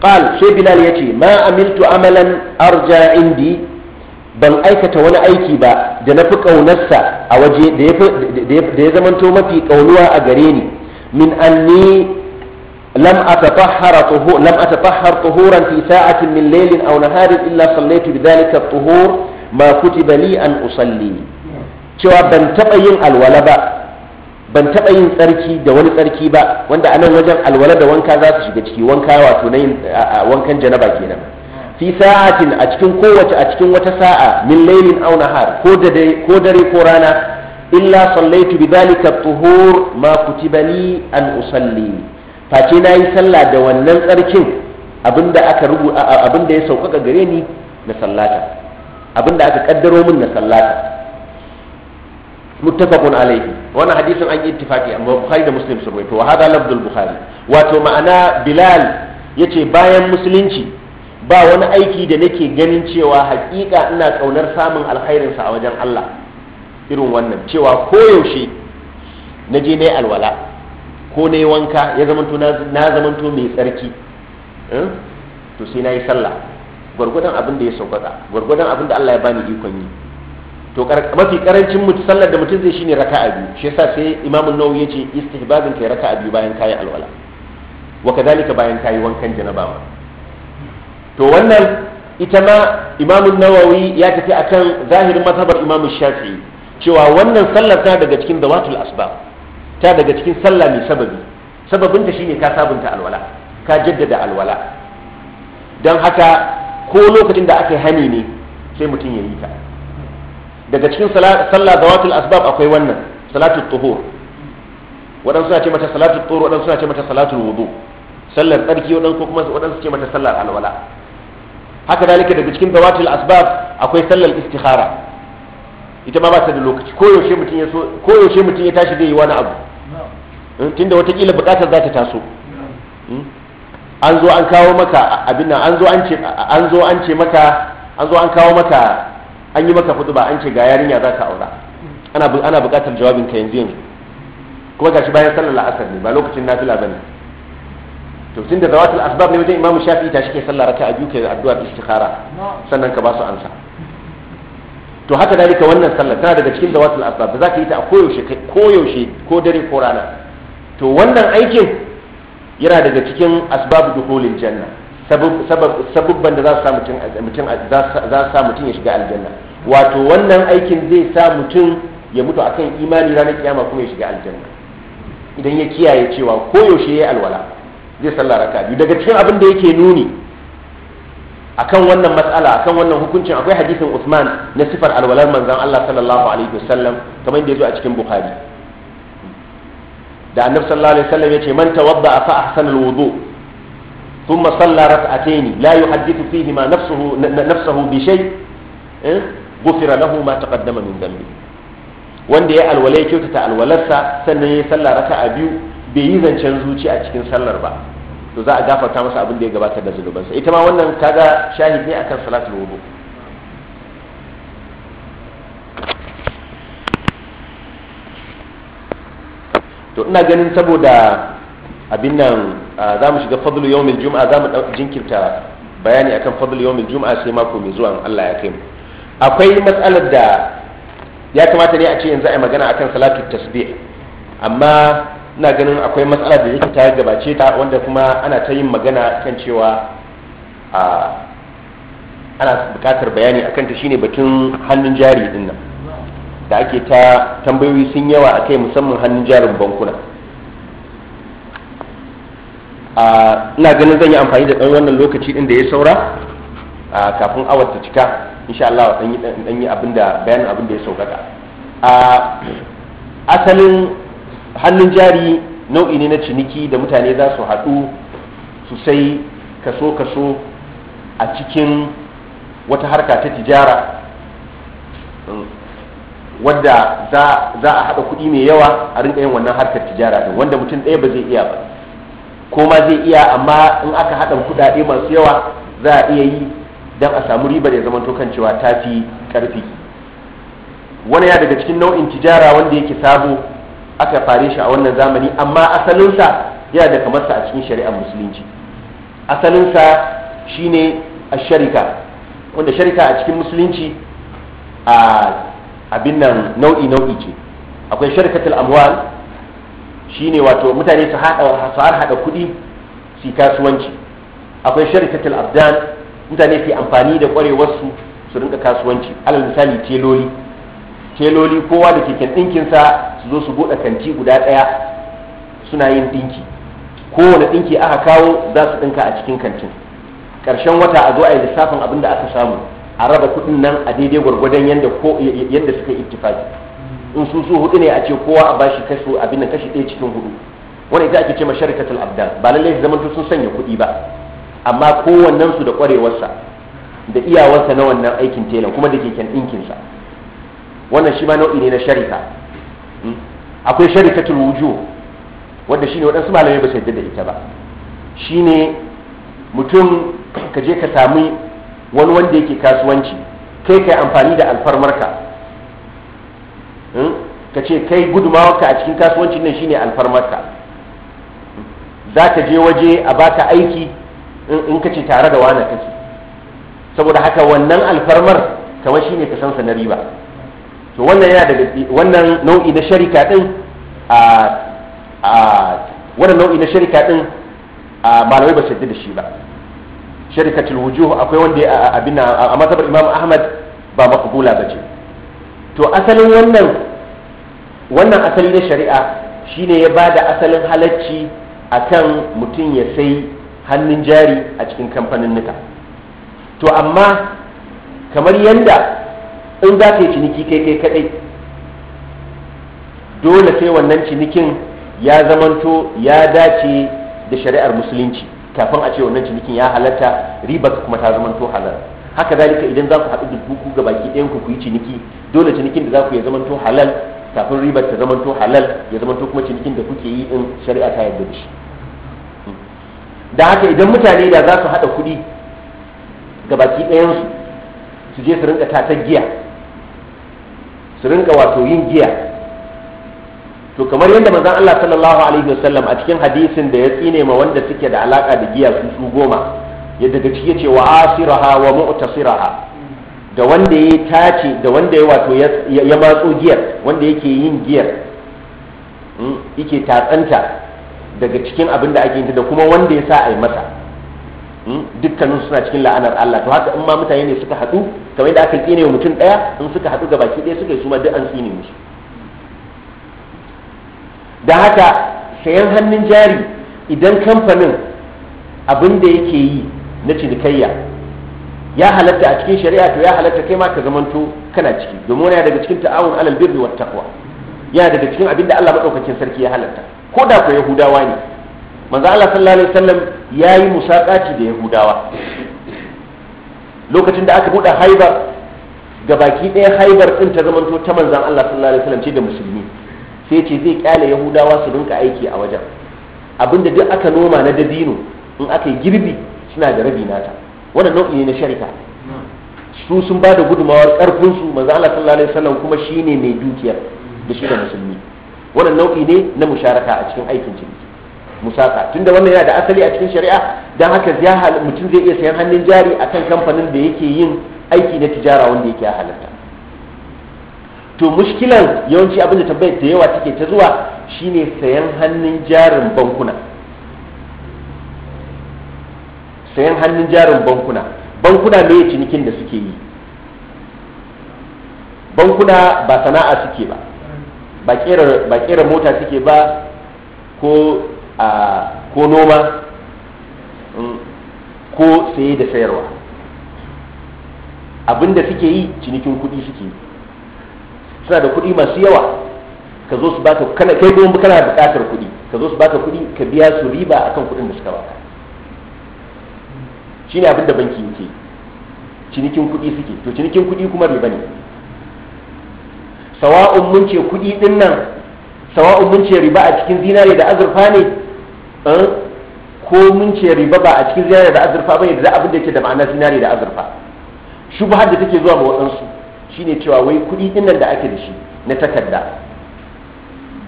qal sai bilal yace ma amiltu amalan arja indi ban aikata wani aiki ba da na fi ƙaunarsa a waje da ya zamanto mafi ƙaunuwa a gare ni min anni lam atatahhara tuhuran fi sa'atin min laylin aw naharin illa sallaitu bidhalika tuhur ma kutiba li an usalli cewa ban taɓa yin alwala ba ban taɓa yin tsarki da wani tsarki ba wanda anan wajen alwala da wanka za su shiga ciki wanka wato na yin wankan janaba kenan fi sa'atin a cikin kowace a cikin wata sa'a min laylin aw nahar ko dare ko dare ko rana illa sallaitu bi dhalika tuhur ma kutiba li an usalli face na yi sallah da wannan tsarkin abinda aka rubu abinda ya sauƙaƙa gare ni na sallata abinda aka kaddaro min na sallata muttafaqun alayhi wannan hadisin an yi ittifaqi amma bukhari da muslim sun rawaito wa hada lafdul bukhari wato ma'ana bilal yace bayan musulunci ba wani aiki da nake ganin cewa hakika ina kaunar samun alkhairinsa a wajen Allah irin wannan cewa koyaushe na je na yi alwala ko na yi wanka ya zamanto na zamanto mai tsarki hmm? to sai na yi sallah gwargwadon abin da ya saukata gwargwadon abin da Allah ya bani ikon yi to mafi karancin sallar da mutum zai shine raka'a biyu shi yasa sai imamun nawawi yace istihbabin kai raka'a biyu bayan kayi alwala wa kadalika bayan kayi wankan janaba to wannan ita ma imamun nawawi ya tafi akan zahirin mazhabar imamun Shafi. cewa wannan sallar ta daga cikin zawatul asbab ta daga cikin sallah mai sababi sababinta shine ka sabunta alwala ka jaddada alwala don haka ko lokacin da aka yi hani ne sai mutum ya yi ta daga cikin sallah zawatul asbab akwai wannan salatul tuhur waɗansu suna ce mata salatul tuhur waɗansu suna ce mata salatul wudu sallar tsarki waɗansu kuma waɗansu ce mata sallar alwala haka dalika daga cikin dawatul asbab akwai sallar istikhara ita ma ba ta da lokaci yaushe mutum ya so yaushe mutum ya tashi zai yi wani abu hmm, tunda watakila bukatar za ta taso hmm? an zo an kawo maka abin nan an zo an ce an zo an ce maka an zo an kawo maka an yi maka hudu ba an ce ga yarinya za ka aura ana ana bukatar jawabin ka yanzu yanzu kuma gashi bayan sallar la'asar ne ba lokacin nafila bane to tunda zawatul asbab ne wajen imamu shafi ta shike sallah a biyu kai addu'a istikhara sannan ka ba su ansa to haka dalika wannan sallah tana daga cikin zawatul asbab da zaka yi ta a koyaushe koyaushe ko dare ko rana to wannan aikin yana daga cikin asbab duhulil janna sababban da za su sa mutum za su sa mutum ya shiga aljanna wato wannan aikin zai sa mutum ya mutu akan imani ranar kiyama kuma ya shiga aljanna idan ya kiyaye cewa koyaushe ya yi alwala zai sallah raka biyu daga cikin abin da yake nuni akan wannan matsala akan wannan hukuncin akwai hadisin Usman na sifar alwalar manzon Allah sallallahu alaihi wasallam kamar yadda yazo a cikin Bukhari da annabi sallallahu alaihi wasallam yace man tawadda fa ahsana alwudu thumma salla rak'atayn la yuhaddithu fihi ma nafsuhu nafsuhu bi shay eh? ghufira lahu ma taqaddama min dhanbi wanda ya alwala ya kyautata alwalarsa sannan ya salla raka'a biyu bai yi zancen zuci a cikin sallar ba to za a gafarta masa abin da ya gabata da zunubansa ita ma wannan kaga shahid ne akan salatul wudu to ina ganin saboda abin nan za mu shiga fadlu yawmil juma'a za mu jinkirta bayani akan fadlu yawmil juma'a sai mako mai zuwa Allah ya kai mu akwai matsalar da ya kamata ne a ce yanzu a yi magana akan salatul tasbih amma ina ganin akwai matsala da yake ta gabace ta wanda kuma ana ta yin magana kan cewa ana bukatar bayani a ta shine batun hannun jari din nan da ake ta tambayoyi sun yawa a kai musamman hannun jarin bankuna ina ganin zan yi amfani da ɗan wannan lokaci din da ya saura kafin awar ta cika insha Allah dan yi abinda bayanin abinda da ya saukaka asalin hannun jari nau'i ne na ciniki da mutane za su haɗu su sai kaso-kaso a cikin wata harka ta tijara um, wadda za a haɗa kuɗi mai yawa a rinka yin wannan harkar tijara da wanda mutum ɗaya ba zai iya ba ko ma zai iya amma in aka haɗa kuɗaɗe masu yawa za a iya yi don a samu ribar ya zama kan cewa ta fi ƙarfi wani ya daga cikin nau'in tijara wanda yake sabo aka fare shi a wannan zamani amma asalinsa yana da kamarsa a cikin shari'ar musulunci asalinsa shine a sharika wanda sharika a cikin musulunci a abin nan nau'i nau'i ce akwai sharikatul amwal shine wato mutane su haɗa su kuɗi su kasuwanci akwai sharikatul abdan mutane su amfani da ƙwarewarsu su rinka kasuwanci alal misali teloli teloli kowa da keken ɗinkinsa su zo su buɗe kanti guda ɗaya suna yin ɗinki kowane ɗinki aka kawo za su ɗinka a cikin kantin ƙarshen wata a zo a yi lissafin abin da aka samu a raba kuɗin nan a daidai gwargwadon yadda ko yadda suka ittifaki in su su hudu ne a ce kowa a bashi kaso abin da kashi ɗaya cikin hudu wani ita ake ce ma sharikatul abdan ba lallai zaman sun sanya kuɗi ba amma kowannen su da ƙwarewarsa da iyawarsa na wannan aikin telan kuma da keken ɗinkinsa wannan shi ma nau'i ne na sharika hmm? akwai sharikatul wuju wanda shine waɗansu malamai ba su yadda da ita ba shine mutum ka je ka sami wani wanda yake kasuwanci kai kai amfani da alfarmarka hmm? ka ce kai gudumawarka a cikin kasuwanci nan shine alfarmarka za ka je waje a baka aiki in ka ce tare da wani kake saboda haka wannan alfarmar kamar shine ka sansa na riba to wannan yana daga wannan nau'i na sharika din a a wannan nau'i na sharika din a malamai ba su yadda da shi ba sharikatul wujuh akwai wanda abin a mazhabar Imam Ahmad ba ba ce to asalin wannan wannan asali na shari'a shine ya ba da asalin halacci akan mutum ya sai hannun jari a cikin kamfanin nuka to amma kamar yadda. in za ka yi ciniki kai kai kadai dole sai wannan cinikin ya zamanto ya dace da shari'ar musulunci kafin a ce wannan cinikin ya halatta riba kuma ta zamanto halal haka zalika idan za ku haɗu da buku ga baki ɗayan ku yi ciniki dole cinikin da za ku ya zamanto halal kafin riba ta zamanto halal ya zamanto kuma cinikin da kuke yi in shari'a ta yarda da shi da haka idan mutane da za su haɗa kuɗi ga baki ɗayansu su je su rinka tatar giya su rinka wato yin giya to kamar yadda manzon Allah sallallahu alaihi wasallam a cikin hadisin da ya tsine ma wanda suke da alaka da giya su su goma yadda da ciki yace wa asiraha wa mu'tasiraha da wanda ya tace da wanda ya wato ya matso giyar wanda yake yin giyar hmm, yake tatsanta daga cikin abin da ake yin da kuma wanda ya sa a yi masa dukkanin suna cikin la'anar Allah to haka in ma mutane ne suka haɗu kamar yadda aka tsine mutum ɗaya in suka haɗu ga baki ɗaya suka yi suma duk an tsine musu da haka sayan hannun jari idan kamfanin abin da yake yi na cinikayya ya halatta a cikin shari'a to ya halatta kai ma ka zamanto kana ciki domin wani daga cikin ta'awun alal birri wa taqwa yana daga cikin abin da Allah madaukakin sarki ya halatta ko da ko yahudawa ne manzo Allah sallallahu alaihi wasallam yayi musakaci da yahudawa lokacin da aka buɗe haibar ga baki ɗaya haibar ɗin ta zamanto ta manzan Allah sallallahu alaihi wasallam ce da musulmi sai ce zai kyale yahudawa su rinka aiki a wajen abinda duk aka noma na dabino in aka yi girbi suna da rabi nata wannan nau'i ne na sharika su sun ba da gudumawar karfin su Allah sallallahu alaihi wasallam kuma shine mai dukiyar da shi da musulmi wannan nau'i ne na musharaka a cikin aikin ciniki musaka tunda wannan yana da asali a cikin shari'a don haka mutum zai iya sayan hannun jari a kan kamfanin da yake yin aiki na tijara wanda yake ya halatta to mushkilan yawanci abin da tabbayar da yawa take ta zuwa shine sayan hannun jarin bankuna sayan hannun jarin bankuna bankuna me cinikin da suke yi bankuna ba sana'a suke ba ba kera mota suke ba ko ko noma mm, ko saye da sayarwa abinda suke yi cinikin kuɗi suke yi suna da kuɗi masu yawa ka zo su baka kana kai goma kana buƙatar kuɗi ka zo su baka kuɗi ka biya su riba akan kuɗin da suka baka shine abin da banki yake cinikin kuɗi suke to cinikin kuɗi kuma riba ne sawa'un mun ce kuɗi din nan sawa'un mun ce riba a cikin zinare da azurfa ne Eh? ko mun ce riba ba a cikin zinari da azurfa bane da abin da yake da ma'ana zinari da azurfa shubhar da take zuwa ma waɗansu shine cewa wai kuɗi din nan da ake da shi na takarda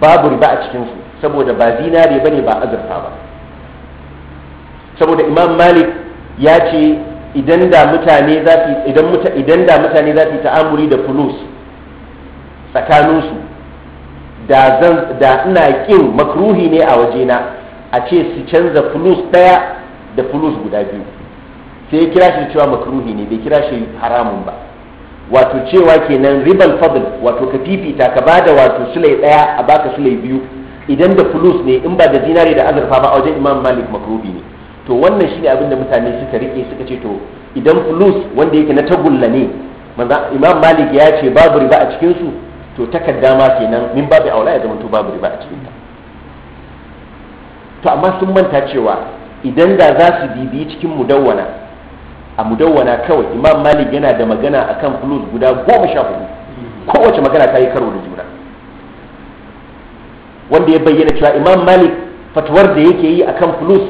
babu riba a cikinsu saboda ba zinari bane ba azurfa ba saboda imam malik ya ce idan da mutane za su idan muta idan da mutane za su ta'amuri da fulus tsakaninsu da zan da ina kin makruhi ne a wajena a ce su canza fulus ɗaya da fulus guda biyu sai ya kira shi cewa makruhi ne bai kira shi haramun ba wato cewa kenan ribal fadl wato ka fifita ka bada wato sulai ɗaya a baka sulai biyu idan da fulus ne in ba da zinari da azurfa ba a wajen imam malik makruhi ne to wannan shine abin da mutane suka rike suka ce to idan fulus wanda yake na tagulla ne imam malik ya ce babu riba a cikinsu to takarda ma kenan min babu aula ya zama to babu riba a cikin ta. to amma sun manta cewa idan da za su bibiyi cikin mudawwana a mudawwana kawai imam malik yana da magana akan flus guda goma sha hudu kowace magana ta yi karo da juna wanda ya bayyana cewa imam malik fatuwar da yake yi akan flus,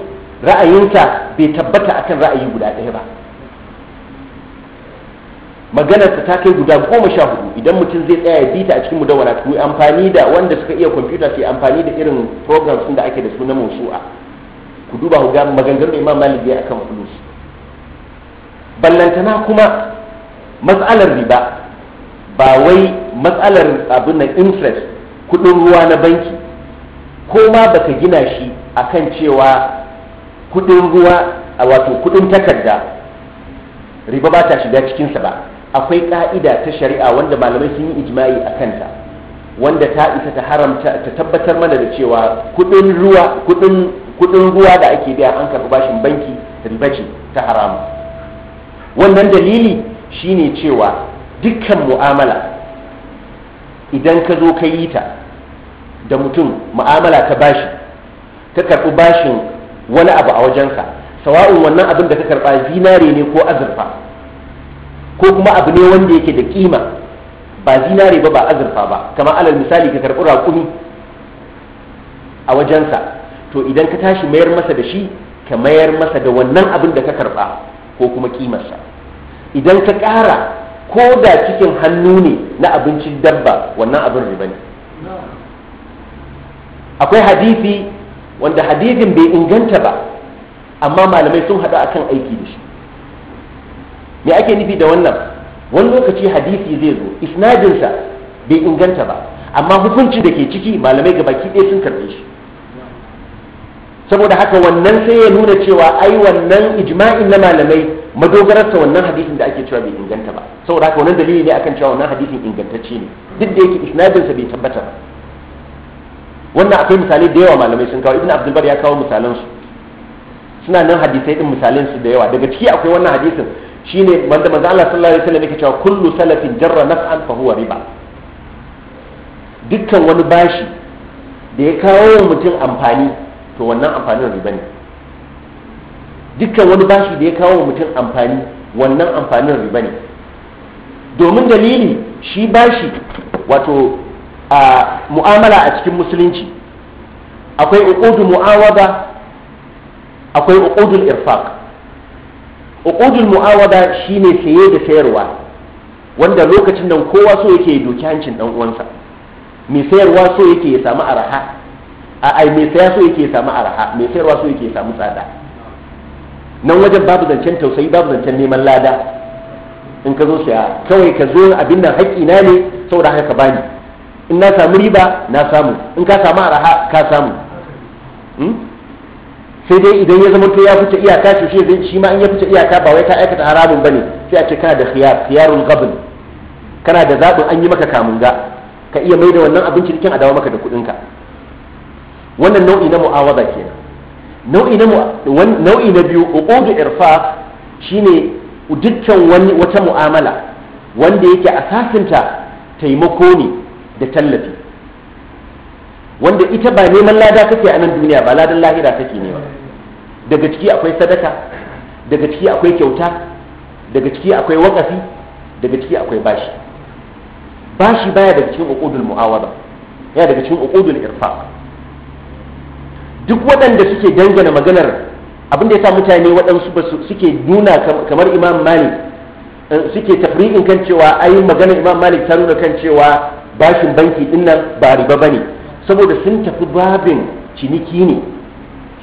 ra'ayinsa bai tabbata akan ra'ayi guda ɗaya ba maganarsa ta kai guda goma sha hudu idan mutum zai tsaya ya bita a cikin mudawara ku yi amfani da wanda suka iya kwamfuta ke amfani da irin programs da ake da su na mausu'a ku duba ku ga maganganun imam malik ya akan fulus ballantana kuma matsalar riba ba wai matsalar abin nan interest kudin ruwa na banki ko ma baka gina shi akan cewa kudin ruwa a wato kudin takarda riba ba ta shiga cikinsa ba akwai ƙa'ida ta shari'a wanda malamai sun yi ijma'i a kanta wanda ta isa ta haramta ta tabbatar mana da cewa kudin ruwa da ake biya an karɓi bashin banki riba ce ta haramu wannan dalili shine cewa dukkan mu'amala idan ka zo ka yi ta da mutum mu'amala ta bashi ka karɓi bashin wani abu a wajenka sawa'un wannan abin da ka karɓa zinare ne ko azurfa ko kuma abu ne wanda yake da kima ba zinare ba ba azurfa ba kamar alal misali ka karɓi raƙumi a wajensa to idan ka tashi mayar masa da shi ka mayar masa da wannan abin da ka karɓa ko kuma kimarsa idan ka ƙara ko da cikin hannu ne na abincin dabba wannan abin riba ne akwai hadisi wanda hadisin bai inganta ba amma malamai sun haɗu akan aiki da shi me ake nufi da wannan wani lokaci hadisi zai zo isnadinsa bai inganta ba amma hukuncin da ke ciki malamai gabaki ɗaya sun karɓe shi saboda haka wannan sai ya nuna cewa ai wannan ijma'in na malamai madogararsa wannan hadisin da ake cewa bai inganta ba saboda haka wannan dalili ne akan cewa wannan hadisin ingantacce ne duk da yake isnadinsa bai tabbata ba wannan akwai misalai da yawa malamai sun kawo ibn abdulbar ya kawo misalansu suna nan hadisai din misalansu da yawa daga ciki akwai wannan hadisin shine wanda manzo Allah sallallahu alaihi wasallam yake cewa kullu salafin jarra naf'an fa huwa riba dukkan wani bashi da ya kawo wa mutum amfani to wannan amfanin riba ne dukkan wani bashi da ya kawo wa mutum amfani wannan amfanin riba ne domin dalili shi bashi wato a mu'amala a cikin musulunci akwai uqudul mu'awada akwai uqudul irfaq uqudul mu'awada shine saye da sayarwa wanda lokacin nan kowa so yake doki hancin dan uwansa mai sayarwa so yake ya samu araha a ai mai saya so yake ya samu araha mai sayarwa so yake ya samu tsada nan wajen babu zancen tausayi babu zancen neman lada in ka zo saya kawai ka zo abin nan haƙƙi na ne saboda haka ka bani in na samu riba na samu in ka samu araha ka samu hmm? sai dai idan ya zama to ya fice iyaka to shi zai shi ma in ya fice iyaka ba wai ka aikata haramun bane sai a ce kana da khiyar khiyarul qabl kana da zabin an yi maka kamunga ka iya maida wannan abinci cikin a dawo maka da kudin ka wannan nau'i na mu'awaza kenan nau'i na nau'i na biyu uqudu irfa shine dukkan wani wata mu'amala wanda yake asasinta taimako ne da tallafi wanda ita ba neman lada kake a nan duniya ba ladan lahira take ne ba daga ciki akwai sadaka daga ciki akwai kyauta daga ciki akwai wakafi daga ciki akwai bashi bashi baya daga cikin uqudul mu'awada ya daga cikin uqudul irfaq duk waɗanda suke dangana maganar abin da ya sa mutane waɗansu suke nuna kamar imam malik eh, suke tafri'in kan cewa ai maganar imam malik ta nuna kan cewa bashin banki dinnan ba riba bane saboda sun tafi babin ciniki ne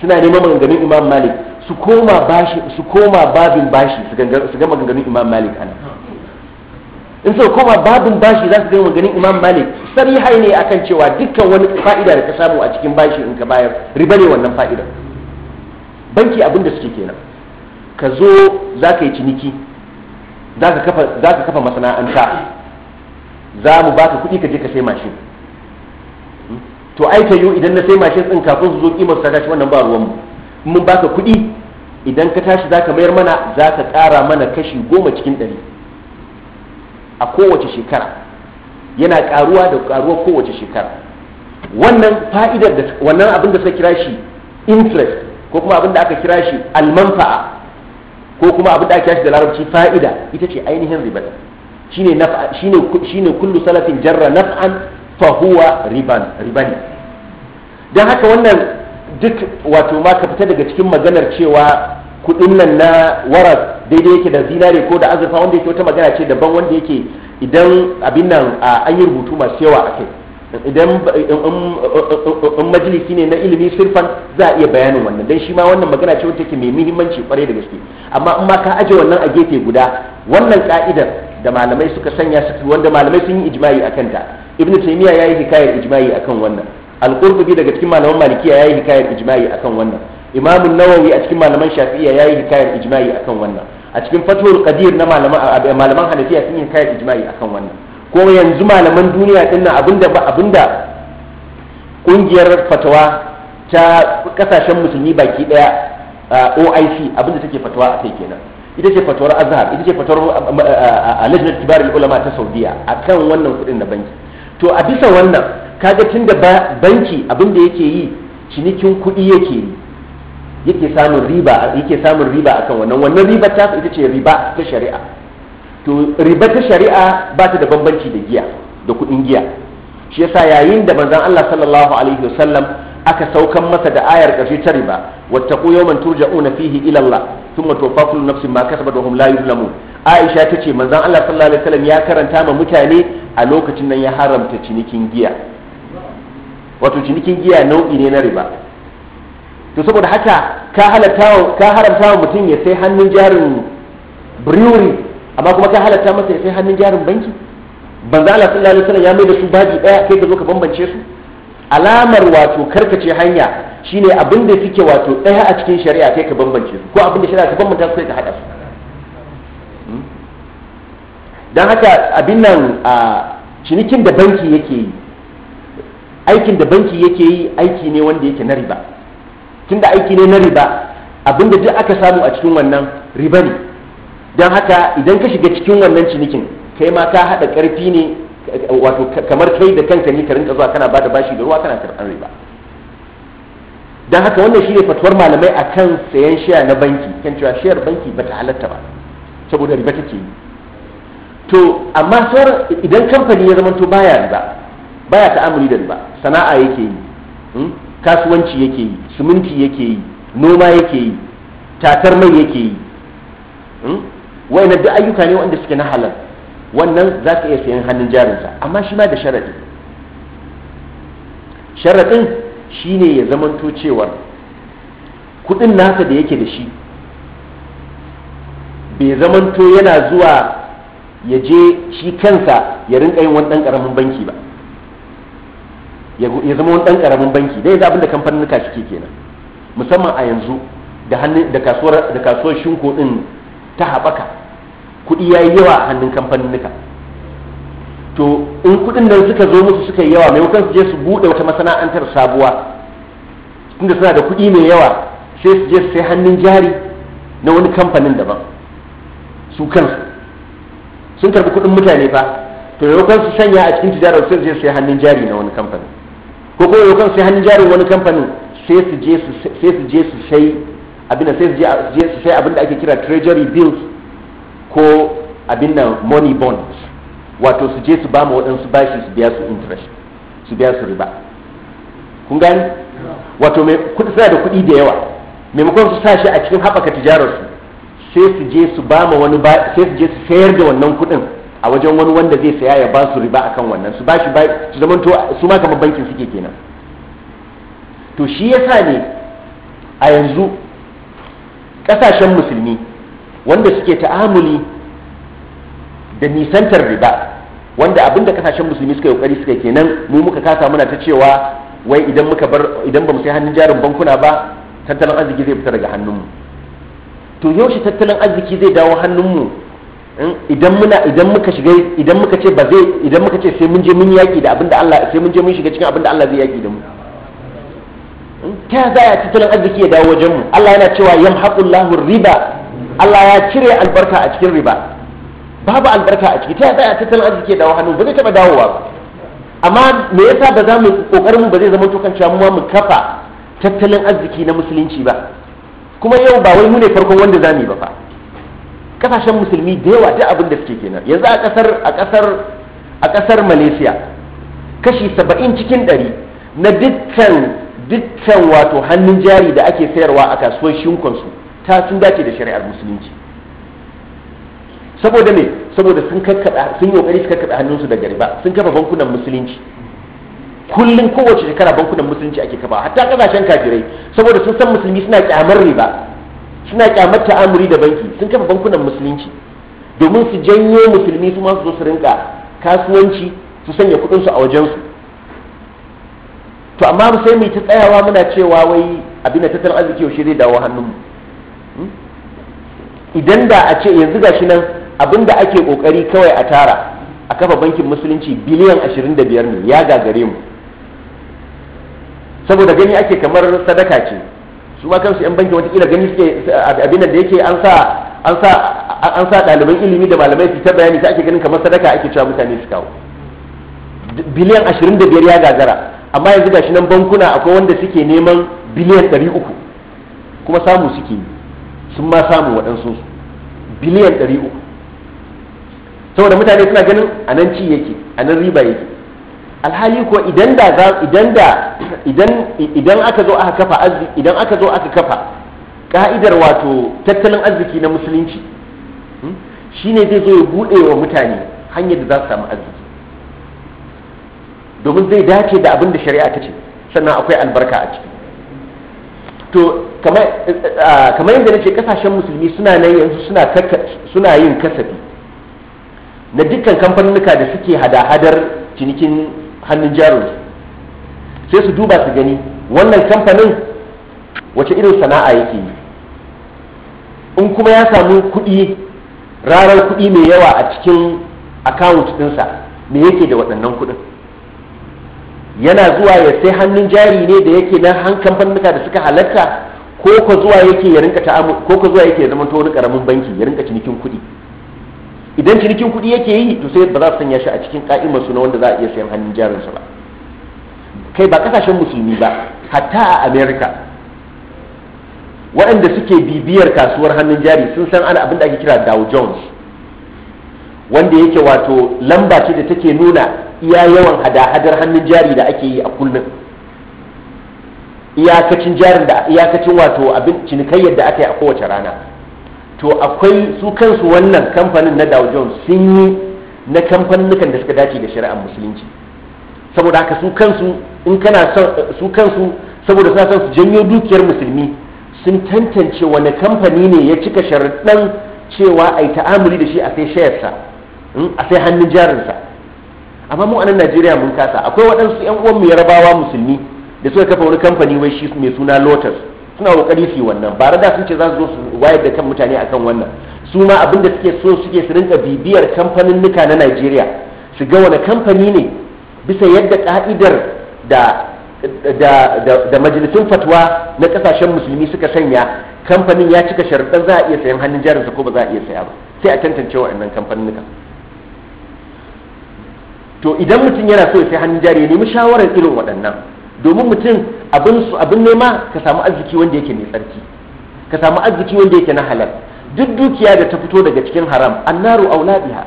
suna neman maganganun imam malik su koma bashi su koma babin bashi su ga maganganun imam malik ana in su koma babin bashi za su ga maganganun imam malik hai ne akan cewa dukkan wani fa'ida da ka samu a cikin bashi in ka bayar riba ne wannan fa'ida. banki abin da suke kenan ka zo za ka yi ciniki za ka kafa masana'anta za mu baka kuɗi ka je ka sai mashin to ai ta yiwu idan na sai mashin din kafin su zo kimar ta tashi wannan ba ruwan mu mun baka kuɗi idan ka tashi zaka mayar mana zaka ƙara mana kashi goma cikin ɗari a kowace shekara yana ƙaruwa da ƙaruwa kowace shekara wannan fa'idar da wannan abin da suka kira shi interest ko kuma abin da aka kira shi almanfa'a ko kuma abin da aka kira shi da larabci fa'ida ita ce ainihin riba shine shine shine kullu salafin jarra naf'an fa huwa riban ribani don haka wannan duk wato ma ka fita daga cikin maganar cewa kudin nan na waras daidai yake da zinare ko da azurfa wanda yake wata magana ce daban wanda yake idan abin nan an yi rubutu masu yawa a kai idan in majalisi ne na ilimi sirfan za a iya bayanin wannan dan shi ma wannan magana ce wacce ke mai muhimmanci kwarai da gaske amma in ma ka aje wannan a gefe guda wannan ka'idar da malamai suka sanya wanda malamai sun yi ijma'i akan ta ibnu taymiya yayi hikayar ijma'i akan wannan al-qurtubi daga cikin malaman malikiya yayi hikayar ijma'i akan wannan imam nawawi a cikin malaman shafi'iyya yayi hikayar ijma'i akan wannan a cikin fathul qadir na malaman malaman hanafiya sun yi hikayar ijma'i akan wannan ko yanzu malaman duniya din nan abinda abinda kungiyar fatawa ta kasashen musulmi baki daya OIC abinda take fatawa a kai kenan ita ce fatawar azhar ita ce fatawar a kibar ulama ta saudiya akan wannan kudin na banki to a bisa wannan kaga da banki abin da yake yi cinikin kuɗi yake yi yake samun riba yake samun riba akan wannan wannan riba ta ita ce riba ta shari'a to riba ta shari'a ba ta da bambanci da giya da kuɗin giya shi yasa yayin da manzon Allah sallallahu alaihi wasallam aka saukan masa da ayar ƙarshe ta riba wattaqu yawman turja'una fihi ila Allah thumma tuwaffa kullu nafsin ma kasabat wa hum la yuzlamun Aisha tace manzon Allah sallallahu alaihi wasallam ya karanta ma mutane a lokacin nan ya haramta cinikin giya wato cinikin giya nau'i ne na riba to saboda haka ka halatta ka haramta wa mutum ya sai hannun jarin brewery amma kuma ka halatta masa ya sai hannun jarin banki banza Allah sallallahu alaihi wasallam ya mai da su baji daya kai ka zo ka bambance su alamar wato karkace hanya shine abin da suke wato daya a cikin shari'a kai ka bambance su ko abin da shari'a ta bambanta su sai ka hada su hmm? dan haka abin nan a cinikin da banki yake yi aikin da banki yake yi aiki ne wanda yake na riba tunda aiki ne na riba abinda duk aka samu a cikin wannan riba ne don haka idan ka shiga cikin wannan cinikin kai ma ka haɗa ƙarfi ne wato kamar kai da kanka ne ka rinka zuwa kana bada bashi da ruwa kana karɓar riba don haka wannan shi ne fatuwar malamai a sayan shiya na banki kan cewa shiyar banki ba ta halatta ba saboda riba take yi to amma sauran idan kamfani ya zama to baya riba baya ta'amuri da ba sana'a yake yi hmm? kasuwanci yake yi siminti yake yi noma yake yi tatar mai yake yi hmm? na duk ayyuka ne wanda suke na halal wannan za ka iya sayan hannun jarinsa amma shi ma da sharadi sharadin shi ne ya zamanto cewar kuɗin nasa da yake da shi bai zamanto yana zuwa ya je shi kansa ya rinka yin wani ɗan ƙaramin banki ba ya zama wani dan karamin banki dai da abinda kamfanin ka suke kenan musamman a yanzu da hannun da kasuwar da kasuwar shinko din ta haɓaka kuɗi yayi yawa a hannun kamfanin to in kuɗin nan suka zo musu suka yi yawa maimakon su je su buɗe wata masana'antar sabuwa tunda suna da kuɗi mai yawa sai su je su sai hannun jari na wani kamfanin daban su kansu sun karɓi kuɗin mutane fa to maimakon su sanya a cikin tijarar sai su je su sai hannun jari na wani kamfanin ko kuma yau sai hannun jarin wani kamfanin sai su je su sai abin da sai su je su sai abin da ake kira treasury bills ko abin da money bonds wato su je su ba ma waɗansu bashi su biya su interest su biya su riba kun gani wato mai kudi suna da kuɗi da yawa maimakon su sa shi a cikin haɓaka tijararsu sai su je su ba ma wani sai su je su sayar da wannan kuɗin a wajen wani wanda zai saya ya ba su riba akan wannan su ba shi ba su zaman to su ma kamar bankin suke kenan to shi yasa ne a yanzu kasashen musulmi wanda suke ta'amuli da nisantar riba wanda abinda kasashen musulmi suka yi kokari suka kenan mu muka kasa muna ta cewa wai idan muka bar idan bamu sai hannun jarin bankuna ba tattalin arziki zai fita daga hannunmu to yaushe tattalin arziki zai dawo hannunmu idan muna idan muka shiga idan muka ce ba zai idan muka ce sai mun je mun yaki da abinda Allah sai mun je mun shiga cikin abinda Allah zai yaki da mu ta zaya tattalin arziki ya dawo wajen mu Allah yana cewa haqullahu riba Allah ya cire albarka a cikin riba babu albarka a ciki ta zaya tattalin arziki ya dawo hannu ba zai taba dawowa ba amma me yasa ba za mu kokarin mu ba zai zama to kan cewa mu kafa tattalin arziki na musulunci ba kuma yau ba wai mu ne farkon wanda zamu yi ba fa kasashen musulmi da yawa ta abin da suke kenan yanzu a kasar a kasar a kasar malaysia kashi saba'in cikin ɗari na dukkan dukkan wato hannun jari da ake sayarwa a kasuwar shinkonsu ta sun dace da shari'ar musulunci saboda me saboda sun kakkaɗa sun yi ƙoƙari su kakkaɗa hannunsu gari ba, sun kafa bankunan musulunci kullum kowace shekara bankunan musulunci ake kafa hatta kasashen kafirai saboda sun san musulmi suna kyamar riba suna kyamar ta'amuri da banki sun kafa bankunan musulunci domin su janyo musulmi su masu zo su rinka kasuwanci su sanya kuɗinsu a wajensu to amma sai mu ta tsayawa muna cewa wai abin da tattalin arziki yaushe zai dawo hannunmu hmm? idan da a ce yanzu gashi nan abin da ake kokari kawai a tara a kafa bankin musulunci biliyan da biyar ne ya gagare mu saboda gani ake kamar sadaka ce su ma kansu yan banki watakila gani suke abin da yake an sa an sa an sa ɗaliban ilimi da malamai su ta bayani ta ake ganin kamar sadaka ake cewa mutane su kawo biliyan ashirin da biyar ya gagara amma yanzu shi nan bankuna akwai wanda suke neman biliyan ɗari uku kuma samu suke yi sun ma samu waɗansu biliyan ɗari uku saboda mutane suna ganin a nan ci yake a nan riba yake alhali ko idan da idan da idan idan aka zo aka kafa arziki idan aka zo aka kafa ka'idar wato tattalin arziki na musulunci hmm, shine zai zo ya bude wa mutane hanyar da za su samu arziki domin zai dace da abin da shari'a ta ce sannan akwai albarka a ciki to kamar yadda ce kasashen musulmi suna nan yanzu suna suna yin kasafi na dukkan kamfanunuka da suke hada-hadar cinikin hannun jarin sai su duba su gani wannan kamfanin wace irin sana'a yake yi in kuma ya samu kuɗi rarar kuɗi mai yawa a cikin akawunt ɗinsa me yake da waɗannan kuɗin yana zuwa ya sai hannun jari ne da yake na han kamfanuka da suka halatta ko ka zuwa yake ya rinka ko ka zuwa yake ya zama to wani karamin banki ya rinka cinikin kuɗi idan cinikin kuɗi yake yi to sai ba za su sanya shi a cikin ka'imar su na wanda za a iya sayan hannun jarinsa ba kai ba kasashen musulmi ba hatta a america waɗanda suke bibiyar kasuwar hannun jari sun san ana abin da ake kira dow jones wanda yake wato lamba ce da take nuna iya yawan hada-hadar hannun jari da ake yi a kullum iyakacin jarin da iyakacin wato abin cinikayyar da aka yi a kowace rana to akwai su kansu wannan kamfanin na Dow Jones sun yi na kamfanin da suka dace da shari'ar musulunci saboda haka su kansu in kana su kansu saboda suna son su janyo dukiyar musulmi sun tantance wani kamfani ne ya cika sharaɗan cewa a yi ta'amuli da shi a sai shayarsa hmm, a sai hannun jarinsa amma mu a nan najeriya mun kasa akwai waɗansu 'yan uwan mu yarabawa musulmi da suka kafa wani kamfani wai shi mai suna lotus suna kokari su yi wannan ba da sun ce za su zo su wayar da kan mutane akan wannan su ma da suke so suke su rinka bibiyar kamfanin nuka na Najeriya su ga wani kamfani ne bisa yadda ka'idar da da da majalisun fatwa na kasashen musulmi suka sanya kamfanin ya cika sharuɗan za a iya sayan hannun jarinsa ko ba za a iya saya ba sai a tantance wa'annan kamfaninnika to idan mutum yana so ya sai hannun jari ya nemi shawarar irin waɗannan domin mutum abin nema ka samu arziki wanda yake mai tsarki ka samu arziki wanda yake na halal duk dukiya da ta fito daga cikin haram annaru auladiha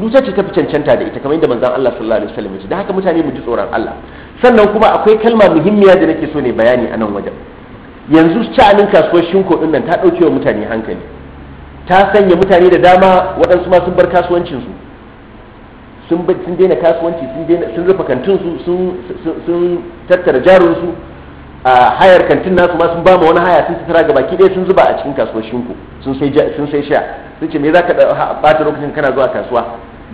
wuta ce ta fi cancanta da ita kamar yadda manzon Allah sallallahu alaihi wasallam ya da haka mutane mu ji tsoron Allah sannan kuma akwai kalma muhimmiya da nake so ne bayani a nan wajen yanzu sha'anin kasuwar shinko din nan ta dauke wa mutane hankali ta sanya mutane da dama waɗansu ma sun bar kasuwancinsu sun sun daina kasuwanci sun daina sun rufe kantin su sun sun tattara jarin su a hayar kantin nasu ma sun ba mu wani haya sun tattara baki ɗaya sun zuba a cikin kasuwancin ku sun sai sun sai sha sun ce me zaka bata lokacin kana zuwa kasuwa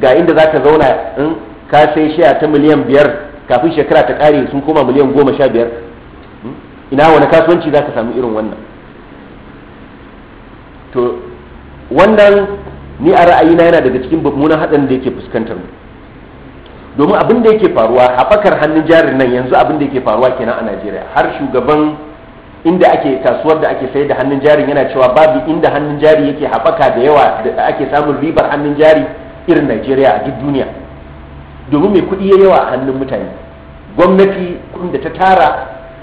ga inda zaka zauna in ka sai sha ta miliyan biyar kafin shekara ta kare sun koma miliyan goma sha biyar hmm? ina wani kasuwanci zaka samu irin wannan to wannan ni a ra'ayina yana daga cikin mummunan haɗin da yake fuskantar mu domin abin da yake faruwa haɓakar hannun jarin nan yanzu abin da yake faruwa kenan a najeriya har shugaban inda ake kasuwar da ake sayar da hannun jarin yana cewa babu inda hannun jari yake haɓaka da yawa da ake samun ribar hannun jari irin najeriya a duk duniya domin mai kuɗi ya yawa a hannun mutane gwamnati kuɗin da ta tara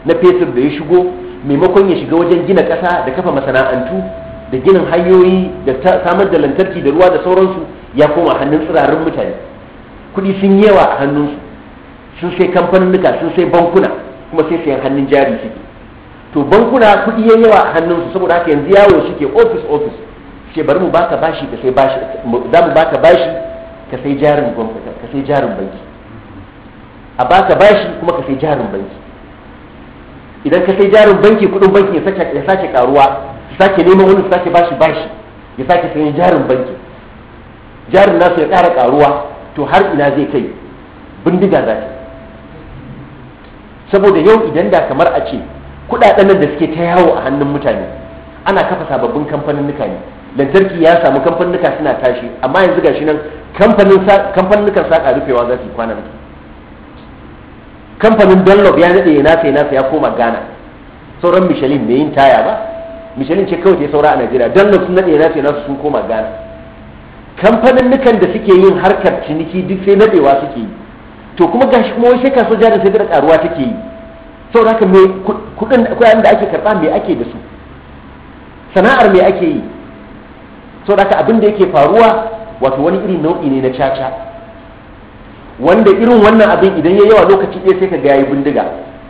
na fetur da ya shigo maimakon ya shiga wajen gina ƙasa da kafa masana'antu da ginin hanyoyi da samar da lantarki da ruwa da sauransu ya koma hannun tsirarin mutane kuɗi sun yawa a hannunsu sun sai kamfaninnuka sun sai bankuna kuma sai sayan hannun jari suke to bankuna kuɗi ya yawa a hannunsu saboda haka yanzu yawo suke ofis ofis ce bari mu baka bashi ka sai bashi za mu baka bashi ka sai jarin gwamnati ka sai jarin banki a baka bashi kuma ka sai jarin banki idan ka sai jarin banki kuɗin banki ya sake karuwa su sake neman wani su sake bashi bashi ya sake sayan jarin banki jarin nasu ya ƙara karuwa to har ina zai kai bindiga za ta saboda yau idan da kamar a ce kudaden nan da suke ta yawo a hannun mutane ana kafa sababbin kamfaninnuka ne lantarki ya samu kamfaninnuka suna tashi amma yanzu gashi nan kamfaninnukan saka rufewa za su yi kwanan kamfanin dunlop ya daɗe ya nasa ya nasa ya koma ghana sauran michelin mai yin taya ba michelin ce kawai ta yi saura a najeriya dunlop sun daɗe ya nasa ya nasa sun koma ghana kamfanin nukan da suke yin harkar ciniki duk sai nadewa suke yi to kuma gashi kuma wai sai kasuwar jari sai da karuwa take yi saboda haka me kudin kuɗin da ake karba me ake da su sana'ar mai ake yi saboda haka abin da yake faruwa wato wani irin nau'i ne na caca wanda irin wannan abin idan ya yawa lokaci ɗaya sai ka ga yi bindiga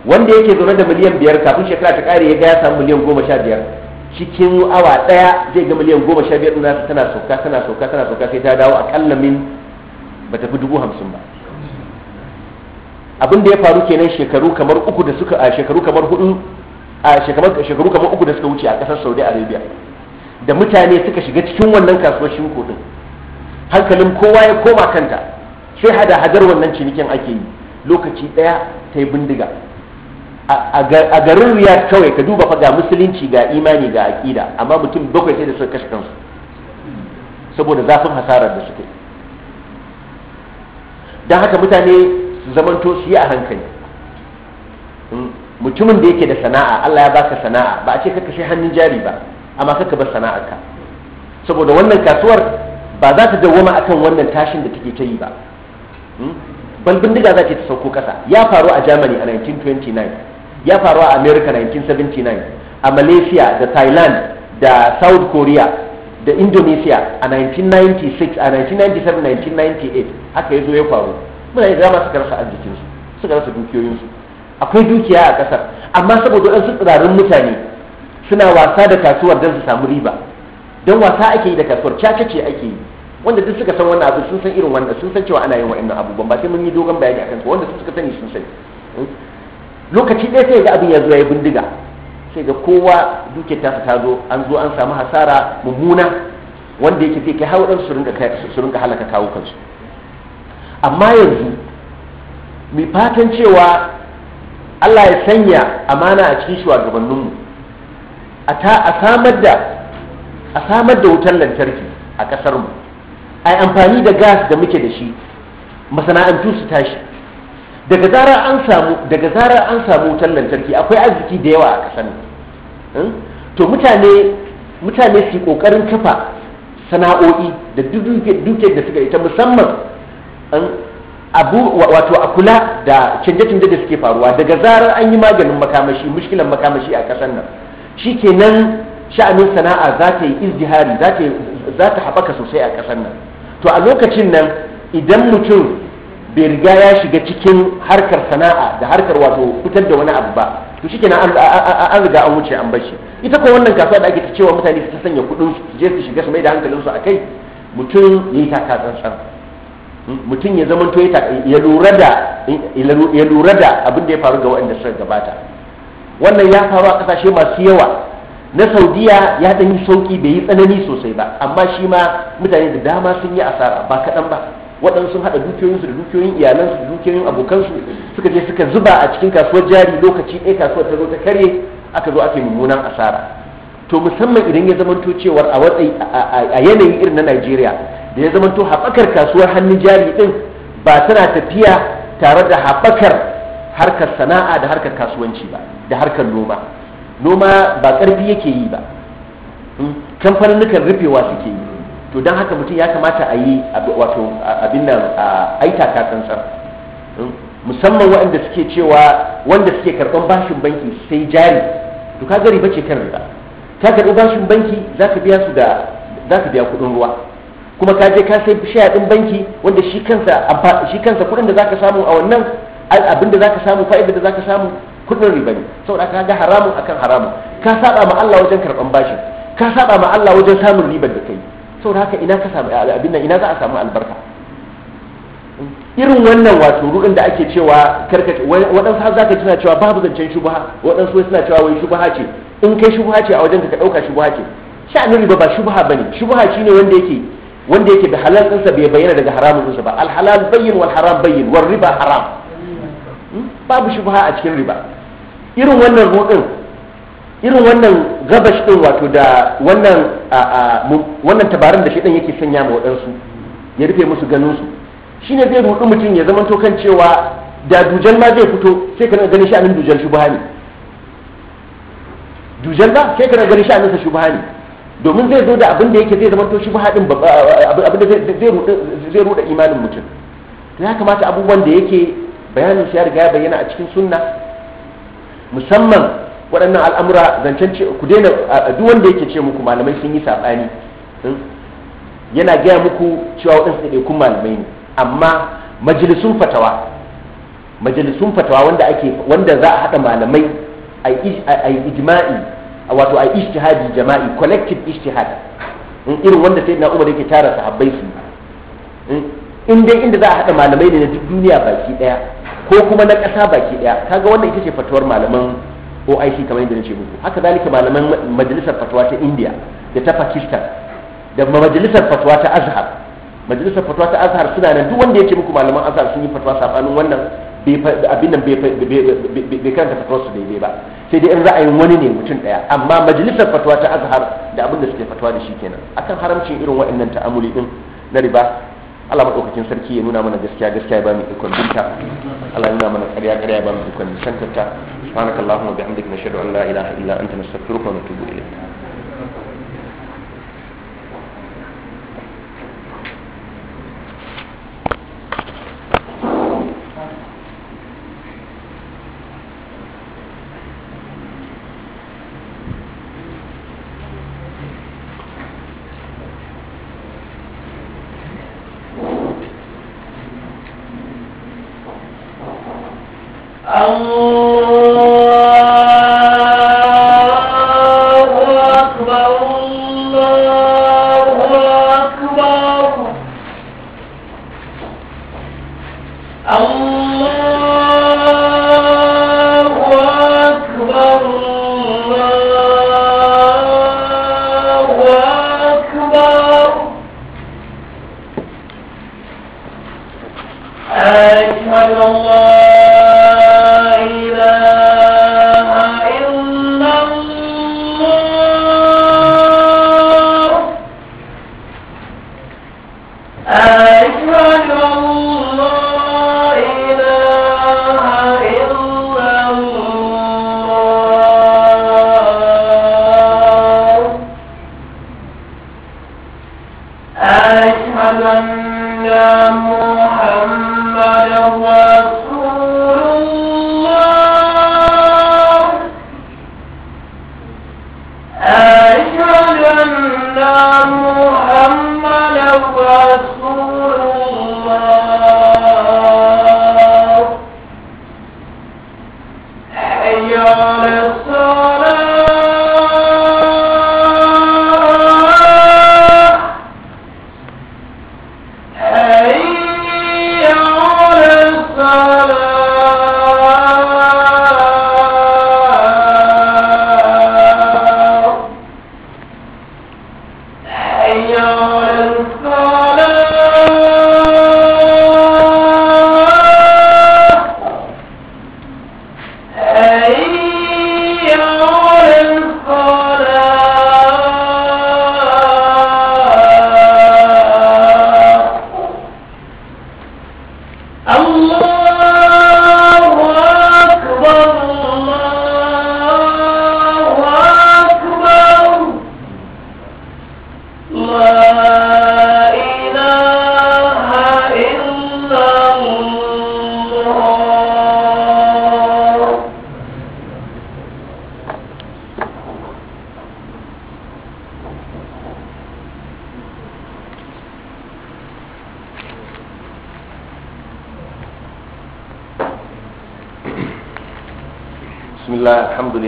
wanda yake zaune da miliyan biyar kafin shekara ta ƙare ya ga ya samu miliyan goma sha biyar cikin awa ɗaya zai ga miliyan goma sha biyar ɗuna tana sauka tana sauka tana sauka sai ta dawo akalla min ba tafi dubu hamsin ba abin da ya faru kenan shekaru kamar uku da suka a shekaru kamar hudu a shekaru kamar uku da suka wuce a kasar saudi arabia da mutane suka shiga cikin wannan kasuwar shinko din hankalin kowa ya koma kanta sai hada hadar wannan cinikin ake yi lokaci ɗaya ta yi bindiga a garin riyad kawai ka duba ga musulunci ga imani ga aƙida amma mutum bakwai sai da suka kashe kansu saboda zafin hasarar da suke don haka mutane su zamanto su yi a hankali hmm, mutumin da yake da sana'a Allah ya baka sana'a ba a ce ka kashe hannun jari ba amma kaka bar ka? saboda wannan kasuwar ba za ta dawwama akan wannan tashin da take ta yi ba hmm, Ban bindiga za ta sauko kasa ya faru a Germany a 1929 ya faru a america 1979 a malaysia da thailand da south korea da indonesia a 1996 a 1997-1998 haka ya zo ya faru muna da dama suka rasa arzikinsu suka rasa dukiyoyinsu akwai dukiya a kasar amma saboda wadansu tsirarin mutane suna wasa da kasuwar don su samu riba don wasa ake yi da kasuwar caca ce ake yi wanda duk suka san wannan abu sun san irin wannan sun san cewa ana yin wa'annan abubuwan ba sai mun yi dogon bayani akan su wanda suka sani sun sani hmm? lokaci ɗaya sai ga abin ya zo ya yi bindiga sai ga kowa duke ta ta zo an zo an samu hasara mummuna wanda yake zai kai hauɗin su rinka halaka kawo kansu amma yanzu mai fatan cewa Allah ya sanya amana a cikin shugabanninmu a ta a samar da a samar da wutar lantarki a mu, a amfani da gas da muke da shi masana'antu su tashi daga zarar an samu daga zarar an samu wutar lantarki akwai arziki da yawa a ƙasar hmm? to mutane mutane su kokarin kafa sana'o'i da duke da suka ita musamman hmm, abu wato a kula da canje-canje da suke faruwa daga zarar an yi maganin makamashi mushkilan makamashi a ƙasar nan shi kenan sha'anin sana'a za ta yi izdihari za ta haɓaka sosai a ƙasar nan to a lokacin nan idan mutum bai riga ya shiga cikin harkar sana'a da harkar wato fitar da wani abu ba to shi kenan an riga an wuce an bashi ita ko wannan kasuwa da ake ta cewa mutane su sanya kuɗin su je su shiga su mai da hankalin su akai mutum ya yi taka tsantsan mutum ya zama to ya lura da ya lura da abin da ya faru ga wanda suka gabata wannan ya faru a kasashe masu yawa na saudiya ya dan yi sauƙi bai yi tsanani sosai ba amma shi ma mutane da dama sun yi asara ba kaɗan ba waɗansu haɗa dukiyoyinsu da dukiyoyin iyalansu da dukiyoyin abokansu suka je suka zuba a cikin kasuwar jari lokaci ɗaya kasuwar ta zo ta karye aka zo ake mummunan asara to musamman idan ya zamanto cewar a a yanayi irin na Najeriya da ya zamanto haɓakar kasuwar hannun jari ɗin ba tana tafiya tare da haɓakar harkar sana'a da harkar kasuwanci ba da harkar noma noma ba ƙarfi yake yi ba hmm? kamfanin rufewa suke yi to don haka mutum ya kamata a yi wato abin nan a aita ka tsantsar hmm? musamman waɗanda suke cewa wanda suke karɓan bashin banki sai jari to ka gari bace kan riba ka karɓi bashin banki za ka biya su da za ka biya kuɗin ruwa kuma ka je ka sai shaya ɗin banki wanda shi kansa kuɗin da za ka samu a wannan abin da za ka samu fa'idar da za ka samu kuɗin riba ne saboda ka ga haramun akan haramun ka saba ma Allah wajen karɓan bashin ka saba ma Allah wajen samun ribar da kai saboda haka ina ka samu abin nan ina za a samu albarka irin wannan wato ruɗin da ake cewa karkace waɗansu har zaka tuna cewa babu zancen shubaha waɗansu wai suna cewa wai shubaha ce in kai shubaha ce a wajen ka ɗauka shubaha ce sha'anin riba ba shubaha bane shubaha shine wanda yake wanda yake da halal ɗinsa bai bayyana daga haramun ɗinsa ba alhalal bayyin wal haram bayyin wal riba haram hmm? babu shubaha a cikin riba irin wannan ruɗin irin wannan gabash din wato da wannan wannan tabarin da shaidan yake sanya ma waɗansu ya rufe musu ganin su shine zai rudu mutum ya zamanto kan cewa da dujan ma zai fito sai kana ganin sha'anin dujan shi ne dujan ba sai kana ganin sha'anin sa shi ne domin zai zo da abin da yake zai zamanto shi din abin da zai rudu zai rudu imanin mutum to ya kamata abubuwan da yake bayanin shi ya riga ya bayyana a cikin sunna musamman waɗannan al'amura zancen ku daina duk wanda yake ce muku malamai sun yi saɓani hmm? yana gaya muku cewa waɗansu ɗaiɗaikun malamai ne amma majalisun fatawa majalisun fatawa wanda ake wanda za a haɗa malamai a yi ijma'i wato a yi ijtihadi jama'i collective ijtihad hmm? irin wanda sai na umar yake tara sahabbai su hmm? in dai inda za a haɗa malamai ne na duk duniya baki ɗaya ko kuma na ƙasa baki ɗaya kaga wannan ita ce fatuwar malaman ko aiki kamar yadda nace muku haka zalika malaman majalisar fatwa ta India da ta Pakistan da majalisar fatwa ta Azhar majalisar fatwa ta Azhar suna nan duk wanda yake muku malaman Azhar sun yi fatwa sabanin wannan abin nan bai karanta fatwa su daidai ba sai dai in ra'ayin wani ne mutum daya amma majalisar fatwa ta Azhar da abin da suke fatwa da shi kenan akan haramcin irin waɗannan ta'amuli din na riba Allah madaukakin sarki ya nuna mana gaskiya gaskiya ba mu ikon binta Allah ya nuna mana ƙarya ƙarya ba mu ikon nisantarta subhanakallahumma bihamdika nashhadu an la ilaha illa anta nastaghfiruka wa natubu ilayk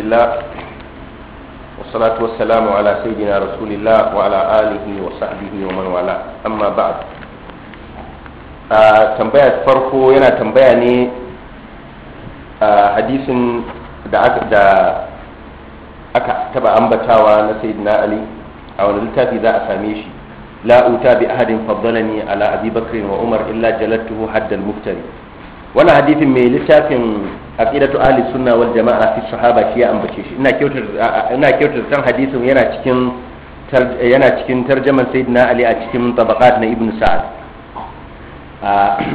الله والصلاة والسلام على سيدنا رسول الله وعلى آله وصحبه ومن والاه أما بعد tambaya farko yana tambaya ne ah, hadisin da aka taba ambatawa na sayyidina ali a wani littafi za a same shi la uta bi ahadin faddalani ala abi bakrin wa umar illa jalattuhu haddal muftari wannan hadisin mai littafin aqidatu ahli sunna wal jama'a fi sahaba shi ya ambace shi ina kyautar ina kyautar san hadisin yana cikin yana cikin tarjaman sayyidina ali a cikin tabaqat na ibnu sa'ad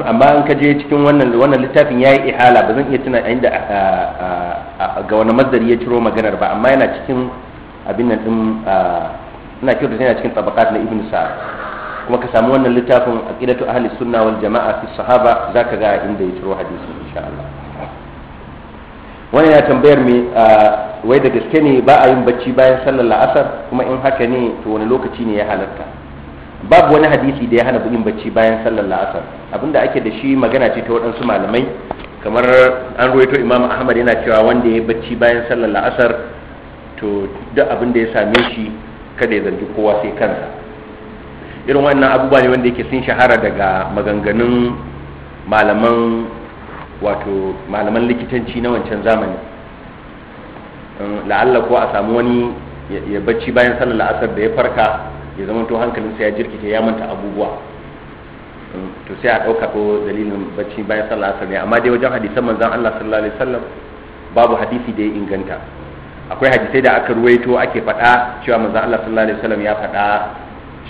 amma in ka je cikin wannan wannan littafin yayi ihala ba zan iya tuna inda ga wani madari ya ciro maganar ba amma yana cikin abin nan din ina kyautar yana cikin tabaqat na ibnu sa'ad kuma ka samu wannan littafin aqidatu ahli sunna wal jama'a fi sahaba zaka ga inda ya ciro hadisin insha Allah wani na tambayar me wai da gaske ne ba a yin bacci bayan sallar la'asar kuma in haka ne to wani lokaci ne ya halarta babu wani hadisi da ya hana yin bacci bayan sallar la'asar abinda ake da shi magana ce ta waɗansu malamai kamar an ruwaito imam ahmad yana cewa wanda ya bacci bayan sallar la'asar to duk abin da ya same shi kada ya zargi kowa sai kansa irin wannan abubuwa ne wanda yake sun shahara daga maganganun malaman wato malaman likitanci na wancan zamani la'alla ko a samu wani ya bacci bayan sallar la'asar da ya farka ya zama to hankalinsa ya jirkita ya manta abubuwa to sai a ɗauka ko dalilin bacci bayan sallar la'asar ne amma dai wajen hadisan manzan Allah sallallahu alaihi wasallam babu hadisi da ya inganta akwai hadisai da aka ruwaito ake faɗa cewa manzan Allah sallallahu alaihi wasallam ya faɗa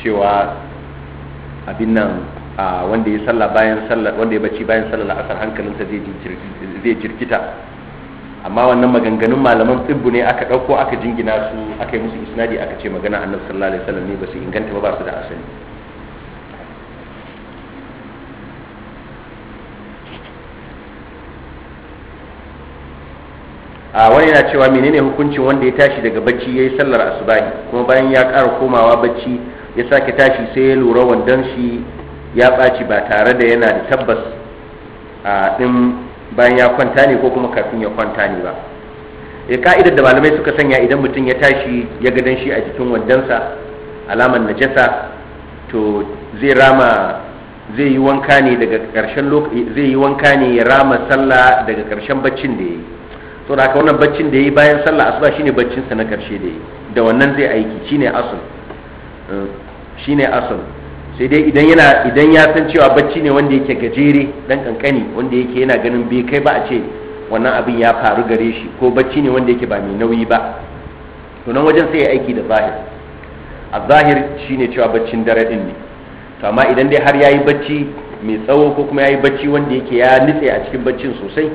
cewa abin nan wanda ya sallah bayan sallah wanda ya bacci bayan sallah asar hankalinsa zai jirkita amma wannan maganganun malaman tsibbu ne aka ɗauko aka jingina su aka yi musu isnadi aka ce magana annabi sallallahu alaihi wasallam ne ba su inganta ba ba su da asali a wani yana cewa menene hukuncin wanda ya tashi daga bacci yayi sallar asubahi kuma bayan ya ƙara komawa bacci ya sake tashi sai ya lura wandan shi ya ɓaci ba tare da yana da tabbas a ɗin bayan ya kwanta ne ko kuma kafin ya kwanta ne ba e ka'idar da malamai suka sanya idan mutum ya tashi ya ga shi a jikin wandonsa alamar najasa to zai rama zai yi wanka ne daga ƙarshen lokaci zai yi wanka ne ya rama sallah daga ƙarshen baccin da ya yi to da wannan baccin da ya yi bayan sallah asuba shine baccin sa na ƙarshe da ya yi da wannan zai aiki shine asul eh, shine asul sai dai idan yana idan ya san cewa bacci ne wanda yake gajere dan kankani wanda yake yana ganin bai kai ba a ce wannan abin ya faru gare shi ko bacci ne wanda yake ba mai nauyi ba to nan wajen sai ya aiki da zahir a zahir shine cewa baccin dare din ne to amma idan dai har yayi bacci mai tsawo ko kuma yayi bacci wanda yake ya nitse a cikin baccin sosai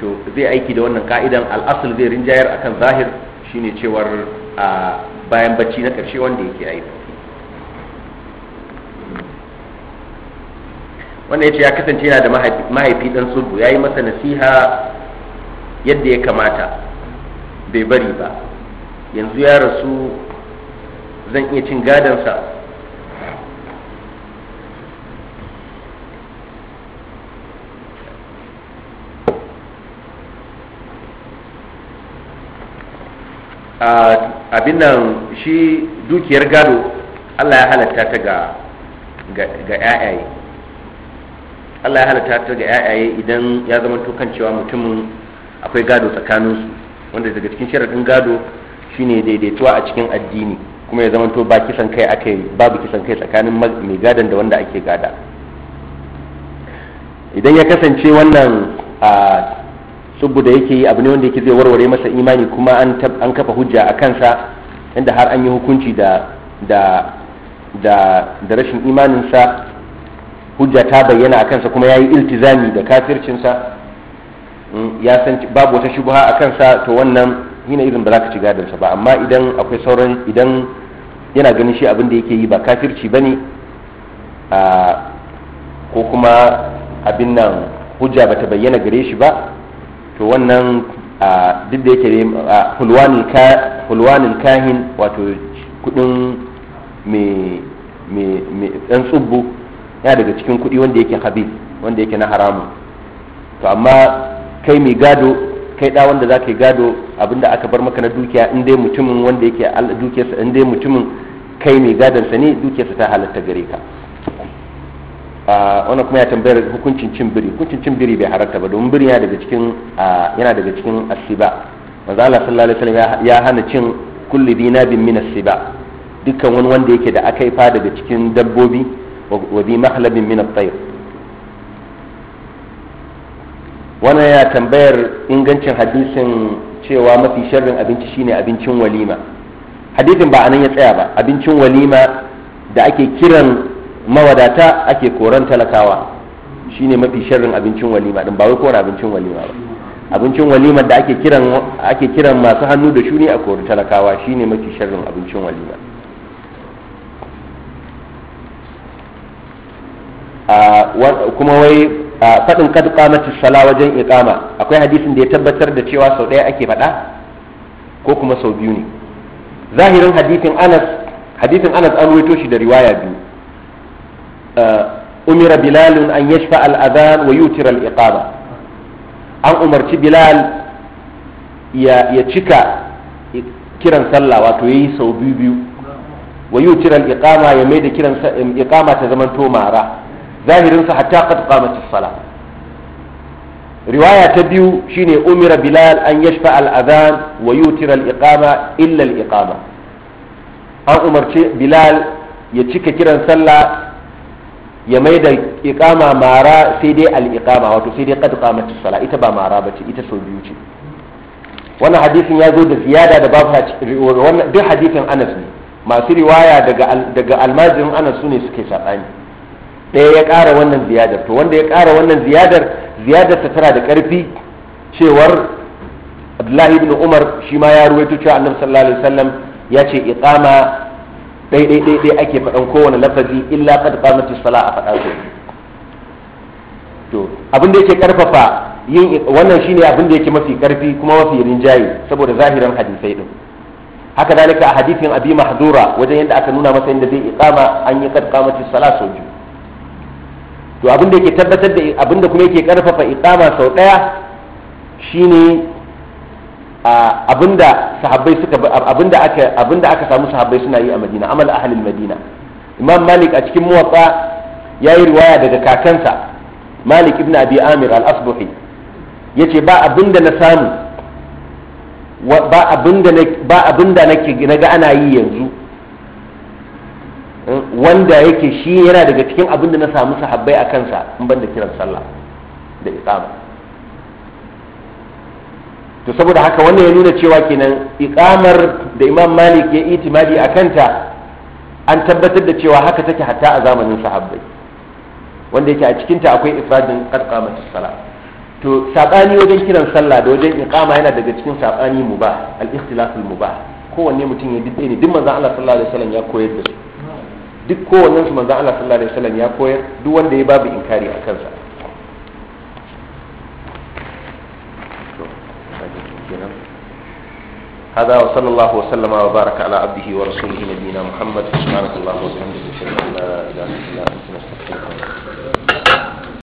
to zai aiki da wannan ka'idan al'asul zai rinjayar akan zahir shine cewar a bayan bacci na karshe wanda yake aiki wannan ce ya kasance yana da mahaifi dan sulhu yi masa nasiha yadda ya kamata bai bari ba yanzu ya rasu zan iya cin gadansa abin nan shi dukiyar gado allah ya halatta ta ga 'ya'yaye Allah ya halatta ta ga yayaye idan ya zama to kan cewa mutumin akwai gado tsakaninsu su wanda daga cikin sharadin gado shine daidaituwa a cikin addini kuma ya zama to ba kisan kai aka babu kisan kai tsakanin mai gadon da wanda ake gada idan ya kasance wannan a subu yake yi abu ne wanda yake zai warware masa imani kuma an kafa hujja a kansa inda har an yi hukunci da da da da rashin imaninsa hujja ta bayyana a kansa kuma ya yi iltizami da kafircinsa mm, ya san babu wata shubha a kansa to wannan hina irin ba za ka ci gadonsa ba amma idan akwai sauran idan yana ganin shi abin da yake yi ba kafirci ba ne ko kuma abin nan hujja ba ta bayyana gare shi ba to wannan duk da yake hulwanin kahin wato kudin mai ɗan tsubbu yana daga cikin kuɗi wanda yake habib wanda yake na haramu to amma kai mai gado kai da wanda za ka yi gado abinda aka bar maka na dukiya in dai mutumin wanda yake dukiyarsa in dai mutumin kai mai gadonsa ne dukiyarsa ta halatta gare ka wannan kuma ya tambayar hukuncin cin biri hukuncin cin biri bai haramta ba domin biri yana daga cikin yana daga cikin asiba manzo Allah sallallahu alaihi wasallam ya hana cin kulli dinabin min asiba dukkan wani wanda yake da aka yi fa daga cikin dabbobi وذي مخلب من الطير وانا يا تنبير انغنشن حديث cewa mafi sharrin abinci shine abincin walima hadithin ba anan ya tsaya ba abincin walima da ake kiran mawadata ake koran talakawa shine mafi sharrin abincin walima din ba wai koran abincin walima ba abincin walima da ake kiran ake kiran masu hannu da shuni a kori talakawa shine mafi sharrin abincin walima kuma wai faɗin kad qamati sala wajen iqama akwai hadisin da ya tabbatar da cewa sau ɗaya ake faɗa ko kuma sau biyu ne zahirin hadisin Anas hadisin Anas an ruwaito shi da riwaya biyu umira bilal an yashfa al adhan wa yutira al iqama an umarci bilal ya cika kiran sallah wato yayi sau biyu biyu wa yutira al iqama ya mai da kiran iqama ta zamanto mara zahirinsa hatta qad qamatis sala riwaya ta biyu shine umira bilal an yashfa al adhan wa yutira al iqama illa al iqama an umarci bilal ya cika kiran sallah ya mai da iqama mara sai dai al iqama wato sai dai qad qamatis sala ita ba mara bace ita so biyu ce wannan hadisin ya zo da ziyada da babu wannan duk hadisin Anas ne masu riwaya daga daga almajirin Anas sune suke sabani ɗaya ya ƙara wannan ziyadar to wanda ya ƙara wannan ziyadar ziyadar ta tara da ƙarfi cewar abdullahi ibn umar shi ma ya ruwaito cewa annabi sallallahu alaihi wasallam ya ce iqama dai dai dai dai ake faɗan kowane lafazi illa qad qamati sala a faɗa su to abin da yake karfafa yin wannan shine abin da yake mafi karfi kuma mafi rinjaye saboda zahirin hadisai din haka dalika a hadisin abi mahdura wajen yadda aka nuna masa inda zai iqama an yi qad qamati sala sau biyu to abin da yake tabbatar da abin da kuma yake karfafa iqama sau daya shine abinda sahabbai suka abinda aka abinda aka samu sahabbai suna yi a Madina amal ahlul Madina Imam Malik a cikin muwatta yayi riwaya daga kakansa Malik ibn Abi Amir al-Asbahi yace ba abinda na samu ba abinda ba abinda nake ga ana yi yanzu wanda yake shi yana daga cikin abin da na samu sahabbai a kansa in ban da kiran sallah da iqama to saboda haka wannan ya nuna cewa kenan iqamar da imam malik ya itimadi a kanta an tabbatar da cewa haka take hatta a zamanin sahabbai wanda yake a cikinta akwai ifradin qad qamatis salah to sabani wajen kiran sallah da wajen iqama yana daga cikin sabani mubah al-ikhtilaf al-mubah kowanne mutum ya dide ne duk manzon Allah sallallahu alaihi wasallam ya koyar da su duk kowannen su manzon Allah sallallahu alaihi wasallam ya koyar duk wanda ya babu inkari a kansa هذا وصلى الله وسلم وبارك على عبده ورسوله نبينا محمد سبحانك اللهم وبحمدك اشهد ان لا اله الا انت نستغفرك ونتوب